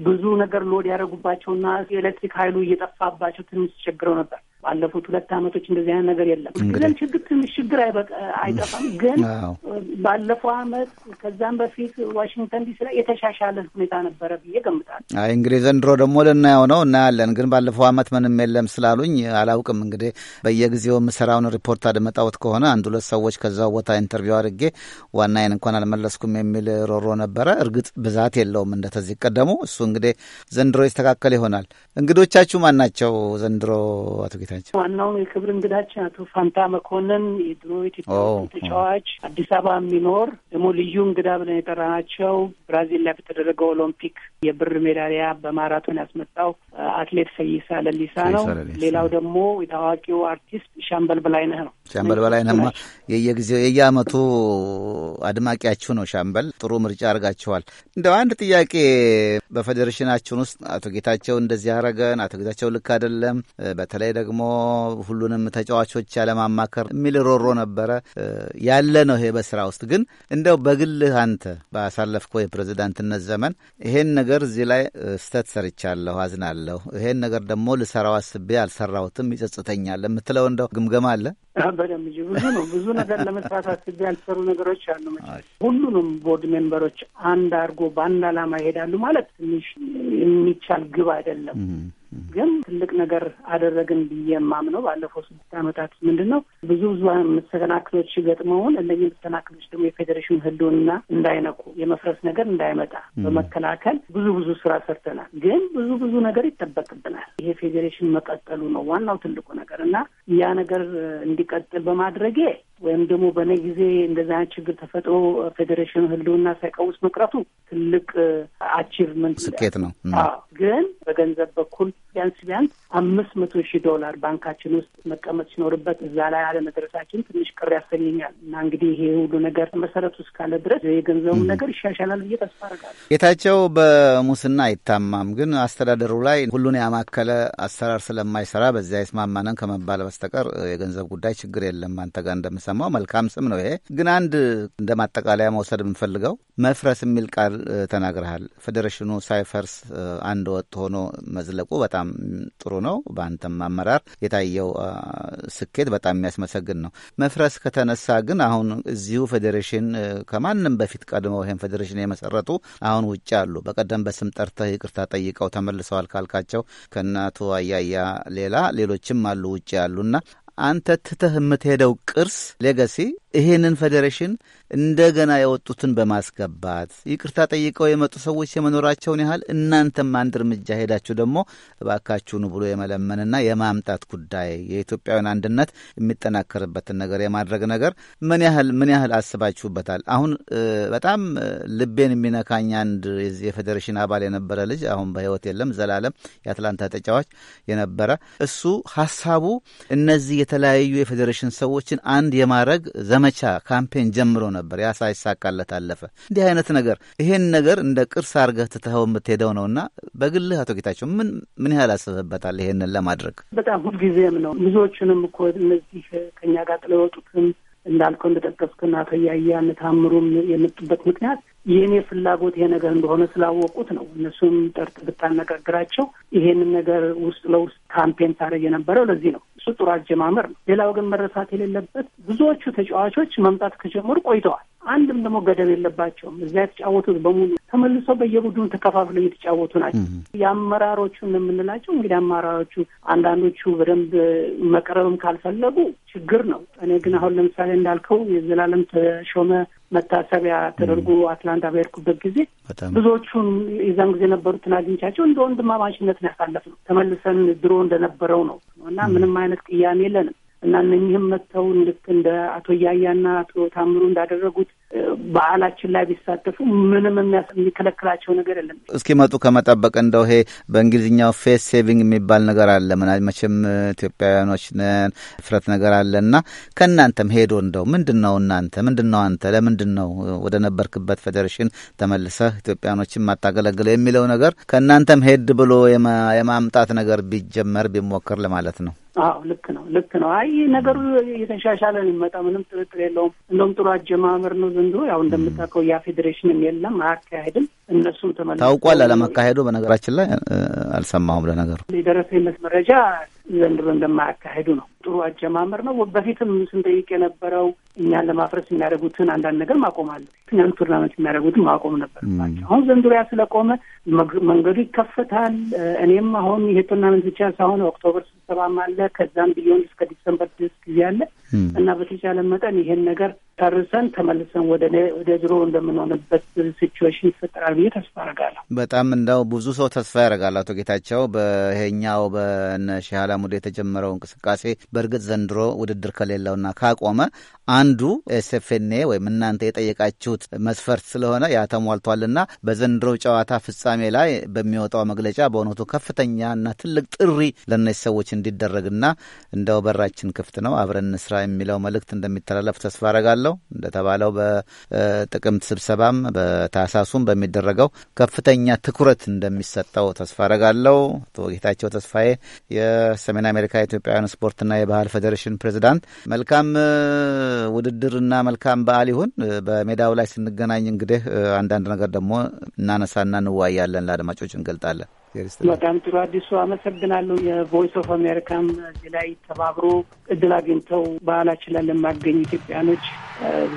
ብዙ ነገር ሎድ ያደረጉባቸውና የኤሌክትሪክ ኃይሉ እየጠፋባቸው ትንሽ ቸግረው ነበር። ባለፉት ሁለት ዓመቶች እንደዚህ አይነት ነገር የለም። ግን ችግር ትንሽ ችግር አይጠፋም። ግን ባለፈው አመት ከዛም በፊት ዋሽንግተን ዲሲ ላይ የተሻሻለ ሁኔታ ነበረ ብዬ ገምታል። አይ እንግዲህ ዘንድሮ ደግሞ ልናየው ነው እናያለን። ግን ባለፈው ዓመት ምንም የለም ስላሉኝ አላውቅም። እንግዲህ በየጊዜው የምሰራውን ሪፖርት አድመጣውት ከሆነ አንድ ሁለት ሰዎች ከዛው ቦታ ኢንተርቪው አድርጌ ዋናዬን እንኳን አልመለስኩም የሚል ሮሮ ነበረ። እርግጥ ብዛት የለውም እንደተዚህ ቀደሙ። እሱ እንግዲህ ዘንድሮ ይስተካከል ይሆናል። እንግዶቻችሁ ማን ናቸው ዘንድሮ አቶ ጌታ? አዘጋጅ። ዋናው የክብር እንግዳችን አቶ ፋንታ መኮንን የድሮ ኢትዮጵያ ተጫዋች፣ አዲስ አበባ የሚኖር ደግሞ ልዩ እንግዳ ብለን የጠራናቸው ብራዚል ላይ በተደረገው ኦሎምፒክ የብር ሜዳሊያ በማራቶን ያስመጣው አትሌት ፈይሳ ለሊሳ ነው። ሌላው ደግሞ የታዋቂው አርቲስት ሻምበል በላይነህ ነው። ሻምበል በላይነህማ የየጊዜው የየአመቱ አድማቂያችሁ ነው። ሻምበል ጥሩ ምርጫ አድርጋችኋል። እንደው አንድ ጥያቄ በፌዴሬሽናችን ውስጥ አቶ ጌታቸው እንደዚህ አረገን፣ አቶ ጌታቸው ልክ አይደለም፣ በተለይ ደግሞ ደግሞ ሁሉንም ተጫዋቾች ያለማማከር የሚል ሮሮ ነበረ ያለ ነው። ይሄ በስራ ውስጥ ግን እንደው በግልህ አንተ ባሳለፍከው የፕሬዚዳንትነት ዘመን ይሄን ነገር እዚህ ላይ ስተት ሰርቻለሁ፣ አዝናለሁ፣ ይሄን ነገር ደግሞ ልሰራው አስቤ አልሰራሁትም፣ ይጸጽተኛል የምትለው እንደው ግምገማ አለ? በደም ብዙ ነው። ብዙ ነገር ለመስራት አስቤ ያልሰሩ ነገሮች አሉ። ሁሉንም ቦርድ ሜምበሮች አንድ አድርጎ በአንድ አላማ ይሄዳሉ ማለት ትንሽ የሚቻል ግብ አይደለም። ግን ትልቅ ነገር አደረግን ብዬ የማምነው ባለፈው ስድስት ዓመታት ምንድን ነው ብዙ ብዙ መሰናክሎች ገጥመውን እነህ መሰናክሎች ደግሞ የፌዴሬሽኑ ሕልውና እንዳይነኩ የመፍረስ ነገር እንዳይመጣ በመከላከል ብዙ ብዙ ስራ ሰርተናል። ግን ብዙ ብዙ ነገር ይጠበቅብናል። ይሄ ፌዴሬሽን መቀጠሉ ነው ዋናው ትልቁ ነገር እና ያ ነገር እንዲቀጥል በማድረጌ ወይም ደግሞ በእኔ ጊዜ እንደዚህ አይነት ችግር ተፈጥሮ ፌዴሬሽኑ ህልውና ሳይቀውስ መቅረቱ ትልቅ አቺቭመንት ስኬት ነው። ግን በገንዘብ በኩል ቢያንስ ቢያንስ አምስት መቶ ሺህ ዶላር ባንካችን ውስጥ መቀመጥ ሲኖርበት እዛ ላይ አለመድረሳችን ትንሽ ቅር ያሰኘኛል እና እንግዲህ ይሄ ሁሉ ነገር መሰረቱ እስካለ ድረስ የገንዘቡ ነገር ይሻሻላል ብዬ ተስፋ አደርጋለሁ። ጌታቸው በሙስና አይታማም፣ ግን አስተዳደሩ ላይ ሁሉን ያማከለ አሰራር ስለማይሰራ በዚያ አይስማማንም ከመባል በስተቀር የገንዘብ ጉዳይ ችግር የለም አንተ ጋር እንደምሰ የሚሰማው መልካም ስም ነው ይሄ። ግን አንድ እንደ ማጠቃለያ መውሰድ የምንፈልገው መፍረስ የሚል ቃል ተናግረሃል። ፌዴሬሽኑ ሳይፈርስ አንድ ወጥ ሆኖ መዝለቁ በጣም ጥሩ ነው። በአንተም አመራር የታየው ስኬት በጣም የሚያስመሰግን ነው። መፍረስ ከተነሳ ግን አሁን እዚሁ ፌዴሬሽን ከማንም በፊት ቀድመው ይህን ፌዴሬሽን የመሰረቱ አሁን ውጭ አሉ። በቀደም በስም ጠርተህ ይቅርታ ጠይቀው ተመልሰዋል ካልካቸው ከእነ አቶ አያያ ሌላ ሌሎችም አሉ ውጭ ያሉና አንተ ትተህ የምትሄደው ቅርስ ሌጋሲ ይሄንን ፌዴሬሽን እንደገና የወጡትን በማስገባት ይቅርታ ጠይቀው የመጡ ሰዎች የመኖራቸውን ያህል እናንተም አንድ እርምጃ ሄዳችሁ ደግሞ እባካችሁኑ ብሎ የመለመንና የማምጣት ጉዳይ የኢትዮጵያውያን አንድነት የሚጠናከርበትን ነገር የማድረግ ነገር ምን ያህል ምን ያህል አስባችሁበታል? አሁን በጣም ልቤን የሚነካኝ አንድ የፌዴሬሽን አባል የነበረ ልጅ አሁን በህይወት የለም ዘላለም የአትላንታ ተጫዋች የነበረ እሱ ሀሳቡ እነዚህ የተለያዩ የፌዴሬሽን ሰዎችን አንድ የማድረግ ዘመቻ ካምፔን ጀምሮ ነው ነበር። ያ ሳይሳካለት አለፈ። እንዲህ አይነት ነገር ይሄን ነገር እንደ ቅርስ አድርገህ ትተኸው የምትሄደው ነው እና በግልህ አቶ ጌታቸው ምን ምን ያህል አስበህበታል? ይሄንን ለማድረግ በጣም ሁልጊዜም ነው። ብዙዎችንም እኮ እነዚህ ከእኛ ጋር ጥለወጡትም እንዳልከው እንደጠቀስክና አቶ ያያ ታምሩም የመጡበት ምክንያት የእኔ ፍላጎት ይሄ ነገር እንደሆነ ስላወቁት ነው። እነሱም ጠርጥ ብታነጋግራቸው ይሄንን ነገር ውስጥ ለውስጥ ካምፔን ታደርግ የነበረው ለዚህ ነው። እሱ ጥሩ አጀማመር ነው። ሌላው ግን መረሳት የሌለበት ብዙዎቹ ተጫዋቾች መምጣት ከጀመሩ ቆይተዋል። አንድም ደግሞ ገደብ የለባቸውም። እዚያ የተጫወቱት በሙሉ ተመልሶ በየቡድኑ ተከፋፍለው እየተጫወቱ ናቸው። የአመራሮቹ የምንላቸው እንግዲህ አመራሮቹ አንዳንዶቹ በደንብ መቅረብም ካልፈለጉ ችግር ነው። እኔ ግን አሁን ለምሳሌ እንዳልከው የዘላለም ተሾመ መታሰቢያ ተደርጎ አትላንታ በሄድኩበት ጊዜ ብዙዎቹን የዛን ጊዜ የነበሩትን አግኝቻቸው እንደ ወንድማማችነት ነው ነው ተመልሰን ድሮ እንደነበረው ነው እና ምንም አይነት ቅያሜ የለንም እና እነህም መጥተው ልክ እንደ አቶ እያያና አቶ ታምሩ እንዳደረጉት በዓላችን ላይ ቢሳተፉ ምንም የሚከለክላቸው ነገር የለም። እስኪመጡ ከመጠበቅ እንደው ይሄ በእንግሊዝኛው ፌስ ሴቪንግ የሚባል ነገር አለ። ምና መቼም ኢትዮጵያውያኖች ነን ፍረት ነገር አለ እና ከእናንተም ሄዶ እንደው ምንድን ነው እናንተ ምንድን ነው አንተ ለምንድን ነው ወደ ነበርክበት ፌዴሬሽን ተመልሰህ ኢትዮጵያኖችን ማታገለግለው የሚለው ነገር ከእናንተም ሄድ ብሎ የማምጣት ነገር ቢጀመር ቢሞክር ለማለት ነው። አዎ ልክ ነው፣ ልክ ነው። አይ ነገሩ እየተሻሻለ ነው የሚመጣ ምንም ጥርጥር የለውም። እንደውም ጥሩ አጀማመር ነው። ዘንድሮ ያው እንደምታውቀው ያ ፌዴሬሽንም የለም አያካሄድም። እነሱም ተመለ ታውቋል አለመካሄዱ። በነገራችን ላይ አልሰማሁም። ለነገሩ የደረሰኝነት መረጃ ዘንድሮ እንደማያካሄዱ ነው። ጥሩ አጀማመር ነው። በፊትም ስንጠይቅ የነበረው እኛን ለማፍረስ የሚያደርጉትን አንዳንድ ነገር ማቆም አለ። እኛም ቱርናመንት የሚያደርጉትን ማቆም ነበርባቸው። አሁን ዘንድሮ ያ ስለቆመ መንገዱ ይከፈታል። እኔም አሁን ይሄ ቱርናመንት ብቻ ሳይሆን ኦክቶበር ስብሰባም አለ። ከዛም ቢሆን እስከ ዲሰምበር ድረስ ጊዜ አለ እና በተቻለ መጠን ይሄን ነገር ጨርሰን ተመልሰን ወደ ድሮ እንደምንሆንበት ሲቹዌሽን ይፈጠራል ብዬ ተስፋ አረጋለሁ። በጣም እንደው ብዙ ሰው ተስፋ ያደርጋል። አቶ ጌታቸው በይሄኛው በነ ሺህ አላሙዲ የተጀመረው እንቅስቃሴ በእርግጥ ዘንድሮ ውድድር ከሌለውና ካቆመ አንዱ ኤስፍኔ ወይም እናንተ የጠየቃችሁት መስፈርት ስለሆነ ያ ተሟልቷልና በዘንድሮው ጨዋታ ፍጻሜ ላይ በሚወጣው መግለጫ በእውነቱ ከፍተኛና ትልቅ ጥሪ ለእነዚህ ሰዎች እንዲደረግና እንደው በራችን ክፍት ነው አብረን ስራ የሚለው መልእክት እንደሚተላለፍ ተስፋ አረጋለሁ። እንደተባለው በጥቅምት ስብሰባም በታህሳሱም በሚደረገው ከፍተኛ ትኩረት እንደሚሰጠው ተስፋ አረጋለሁ። አቶ ጌታቸው ተስፋዬ የሰሜን አሜሪካ ኢትዮጵያውያን ስፖርትና የባህል ፌዴሬሽን ፕሬዚዳንት መልካም ውድድርና መልካም በዓል ይሁን። በሜዳው ላይ ስንገናኝ እንግዲህ አንዳንድ ነገር ደግሞ እናነሳና እንዋያለን፣ ለአድማጮች እንገልጣለን። በጣም ጥሩ አዲሱ አመሰግናለሁ። የቮይስ ኦፍ አሜሪካም እዚህ ላይ ተባብሮ እድል አግኝተው ባህላችን ላይ ለማገኝ ኢትዮጵያኖች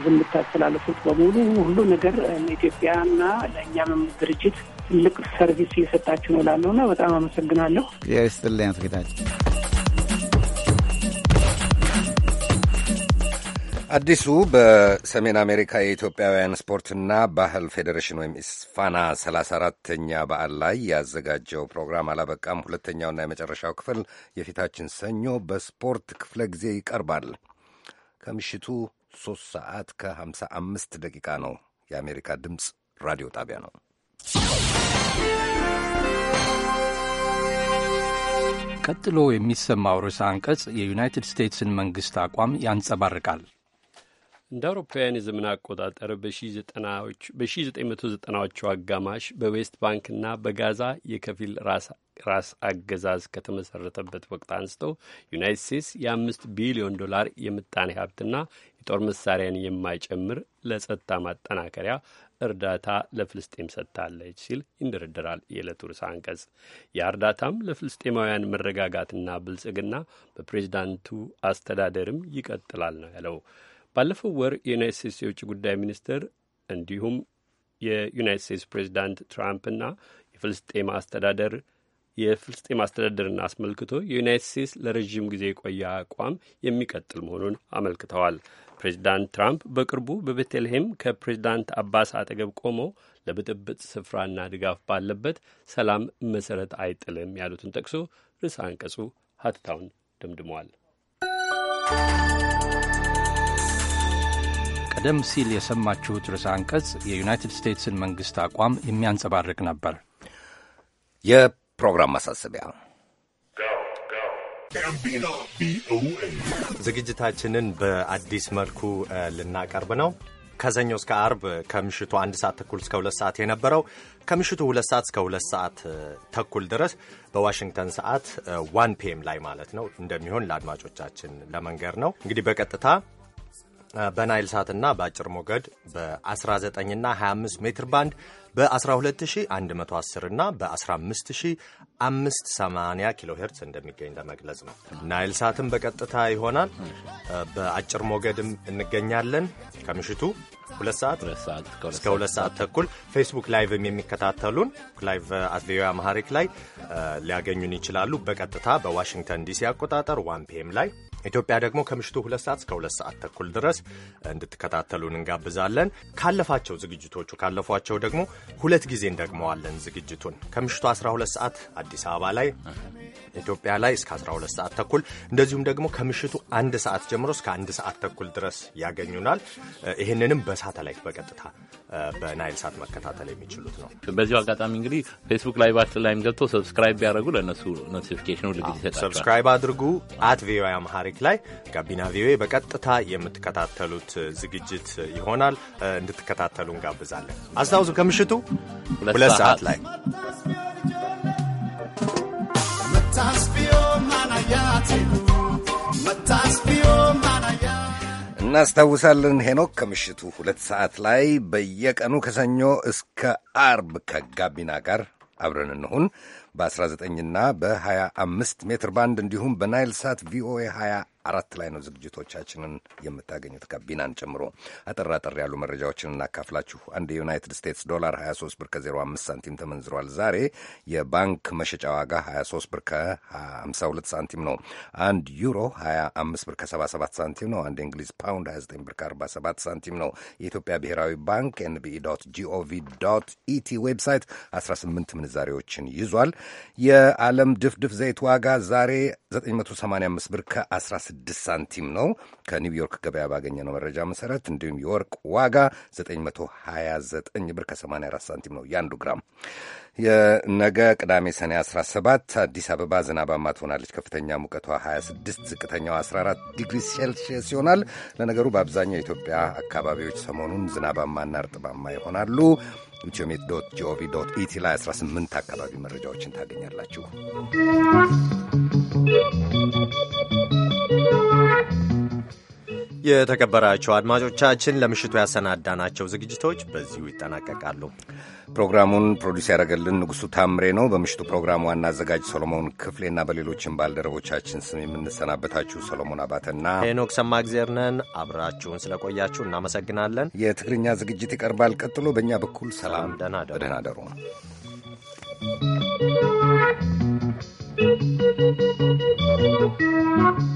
ዝምታስተላለፉት በሙሉ ሁሉ ነገር ለኢትዮጵያና ለእኛም ድርጅት ትልቅ ሰርቪስ እየሰጣችሁ ነው ላለው እና በጣም አመሰግናለሁ። ስትልኛ አዲሱ በሰሜን አሜሪካ የኢትዮጵያውያን ስፖርትና ባህል ፌዴሬሽን ወይም ኢስፋና 34ተኛ በዓል ላይ ያዘጋጀው ፕሮግራም አላበቃም። ሁለተኛውና የመጨረሻው ክፍል የፊታችን ሰኞ በስፖርት ክፍለ ጊዜ ይቀርባል። ከምሽቱ 3 ሰዓት ከ55 ደቂቃ ነው። የአሜሪካ ድምፅ ራዲዮ ጣቢያ ነው። ቀጥሎ የሚሰማው ርዕሰ አንቀጽ የዩናይትድ ስቴትስን መንግሥት አቋም ያንጸባርቃል። እንደ አውሮፓውያን የዘመን አቆጣጠር በ1990ዎቹ አጋማሽ በዌስት ባንክና በጋዛ የከፊል ራስ አገዛዝ ከተመሰረተበት ወቅት አንስቶ ዩናይት ስቴትስ የአምስት ቢሊዮን ዶላር የምጣኔ ሀብትና የጦር መሳሪያን የማይጨምር ለጸጥታ ማጠናከሪያ እርዳታ ለፍልስጤም ሰጥታለች ሲል ይንደረደራል የዕለቱ ርዕሰ አንቀጽ። የእርዳታም ለፍልስጤማውያን መረጋጋትና ብልጽግና በፕሬዚዳንቱ አስተዳደርም ይቀጥላል ነው ያለው። ባለፈው ወር የዩናይት ስቴትስ የውጭ ጉዳይ ሚኒስትር እንዲሁም የዩናይት ስቴትስ ፕሬዚዳንት ትራምፕና የፍልስጤም አስተዳደር የፍልስጤም አስተዳደርን አስመልክቶ የዩናይት ስቴትስ ለረዥም ጊዜ የቆየ አቋም የሚቀጥል መሆኑን አመልክተዋል። ፕሬዚዳንት ትራምፕ በቅርቡ በቤተልሔም ከፕሬዚዳንት አባስ አጠገብ ቆመው ለብጥብጥ ስፍራና ድጋፍ ባለበት ሰላም መሰረት አይጥልም ያሉትን ጠቅሶ ርዕሰ አንቀጹ ሀተታውን ደምድመዋል። ቀደም ሲል የሰማችሁት ርዕሰ አንቀጽ የዩናይትድ ስቴትስን መንግሥት አቋም የሚያንጸባርቅ ነበር። የፕሮግራም ማሳሰቢያ ዝግጅታችንን በአዲስ መልኩ ልናቀርብ ነው። ከሰኞ እስከ አርብ ከምሽቱ አንድ ሰዓት ተኩል እስከ ሁለት ሰዓት የነበረው ከምሽቱ ሁለት ሰዓት እስከ ሁለት ሰዓት ተኩል ድረስ በዋሽንግተን ሰዓት ዋን ፒኤም ላይ ማለት ነው እንደሚሆን ለአድማጮቻችን ለመንገር ነው። እንግዲህ በቀጥታ በናይል ሳትና በአጭር ሞገድ በ19ና 25 ሜትር ባንድ በ12110 እና በ15580 ኪሎ ሄርትስ እንደሚገኝ ለመግለጽ ነው። ናይል ሳትም በቀጥታ ይሆናል። በአጭር ሞገድም እንገኛለን ከምሽቱ ሁለት ሰዓት እስከ ሁለት ሰዓት ተኩል ፌስቡክ ላይቭም የሚከታተሉን ላይቭ አትቪዮ አማሃሪክ ላይ ሊያገኙን ይችላሉ። በቀጥታ በዋሽንግተን ዲሲ አቆጣጠር ዋን ፒኤም ላይ ኢትዮጵያ ደግሞ ከምሽቱ ሁለት ሰዓት እስከ ሁለት ሰዓት ተኩል ድረስ እንድትከታተሉን እንጋብዛለን። ካለፋቸው ዝግጅቶቹ ካለፏቸው ደግሞ ሁለት ጊዜ እንደግመዋለን ዝግጅቱን ከምሽቱ 12 ሰዓት አዲስ አበባ ላይ ኢትዮጵያ ላይ እስከ 12 ሰዓት ተኩል እንደዚሁም ደግሞ ከምሽቱ አንድ ሰዓት ጀምሮ እስከ አንድ ሰዓት ተኩል ድረስ ያገኙናል። ይህንንም በሳተላይት በቀጥታ በናይል ሳት መከታተል የሚችሉት ነው። በዚሁ አጋጣሚ እንግዲህ ፌስቡክ ላይ ባት ላይም ገብቶ ሰብስክራይብ ቢያደርጉ ለእነሱ ኖቲፊኬሽኑ ልግዜ ይሰጣል። ሰብስክራይብ አድርጉ። አት ቪኦኤ አማሃሪክ ላይ ጋቢና ቪኦኤ በቀጥታ የምትከታተሉት ዝግጅት ይሆናል። እንድትከታተሉ እንጋብዛለን። አስታውሱ ከምሽቱ ሁለት ሰዓት ላይ እናስታውሳለን ሄኖክ ከምሽቱ ሁለት ሰዓት ላይ በየቀኑ ከሰኞ እስከ አርብ ከጋቢና ጋር አብረን እንሁን። በ19ና በ25 ሜትር ባንድ እንዲሁም በናይል ሳት ቪኦኤ 24 ላይ ነው ዝግጅቶቻችንን የምታገኙት ጋቢናን ጨምሮ። አጠር አጠር ያሉ መረጃዎችን እናካፍላችሁ። አንድ የዩናይትድ ስቴትስ ዶላር 23 ብር ከ05 ሳንቲም ተመንዝሯል። ዛሬ የባንክ መሸጫ ዋጋ 23 ብር ከ52 ሳንቲም ነው። አንድ ዩሮ 25 ብር ከ77 ሳንቲም ነው። አንድ የእንግሊዝ ፓውንድ 29 ብር ከ47 ሳንቲም ነው። የኢትዮጵያ ብሔራዊ ባንክ ኤንቢኢ ጂኦቪ ኢቲ ዌብሳይት 18 ምንዛሬዎችን ይዟል። የዓለም ድፍድፍ ዘይት ዋጋ ዛሬ 985 ብር ከ16 ሳንቲም ነው። ከኒውዮርክ ገበያ ባገኘነው መረጃ መሰረት እንዲሁም የወርቅ ዋጋ 929 ብር ከ84 ሳንቲም ነው የአንዱ ግራም። የነገ ቅዳሜ ሰኔ 17 አዲስ አበባ ዝናባማ ትሆናለች። ከፍተኛ ሙቀቷ 26፣ ዝቅተኛው 14 ዲግሪ ሴልሺየስ ይሆናል። ለነገሩ በአብዛኛው የኢትዮጵያ አካባቢዎች ሰሞኑን ዝናባማና እርጥባማ ይሆናሉ። ኢትዮሜት ዶት ጂኦቪ ዶት ኢቲ ላይ 18 አካባቢ መረጃዎችን ታገኛላችሁ። የተከበራቸው አድማጮቻችን ለምሽቱ ያሰናዳናቸው ዝግጅቶች በዚሁ ይጠናቀቃሉ። ፕሮግራሙን ፕሮዲስ ያደረገልን ንጉሡ ታምሬ ነው። በምሽቱ ፕሮግራም ዋና አዘጋጅ ሰሎሞን ክፍሌና በሌሎችን ባልደረቦቻችን ስም የምንሰናበታችሁ ሰሎሞን አባተና ሄኖክ ሰማእግዜር ነን። አብራችሁን ስለቆያችሁ እናመሰግናለን። የትግርኛ ዝግጅት ይቀርባል። ቀጥሎ በእኛ በኩል ሰላም፣ ደህና ደሩ። Thank you.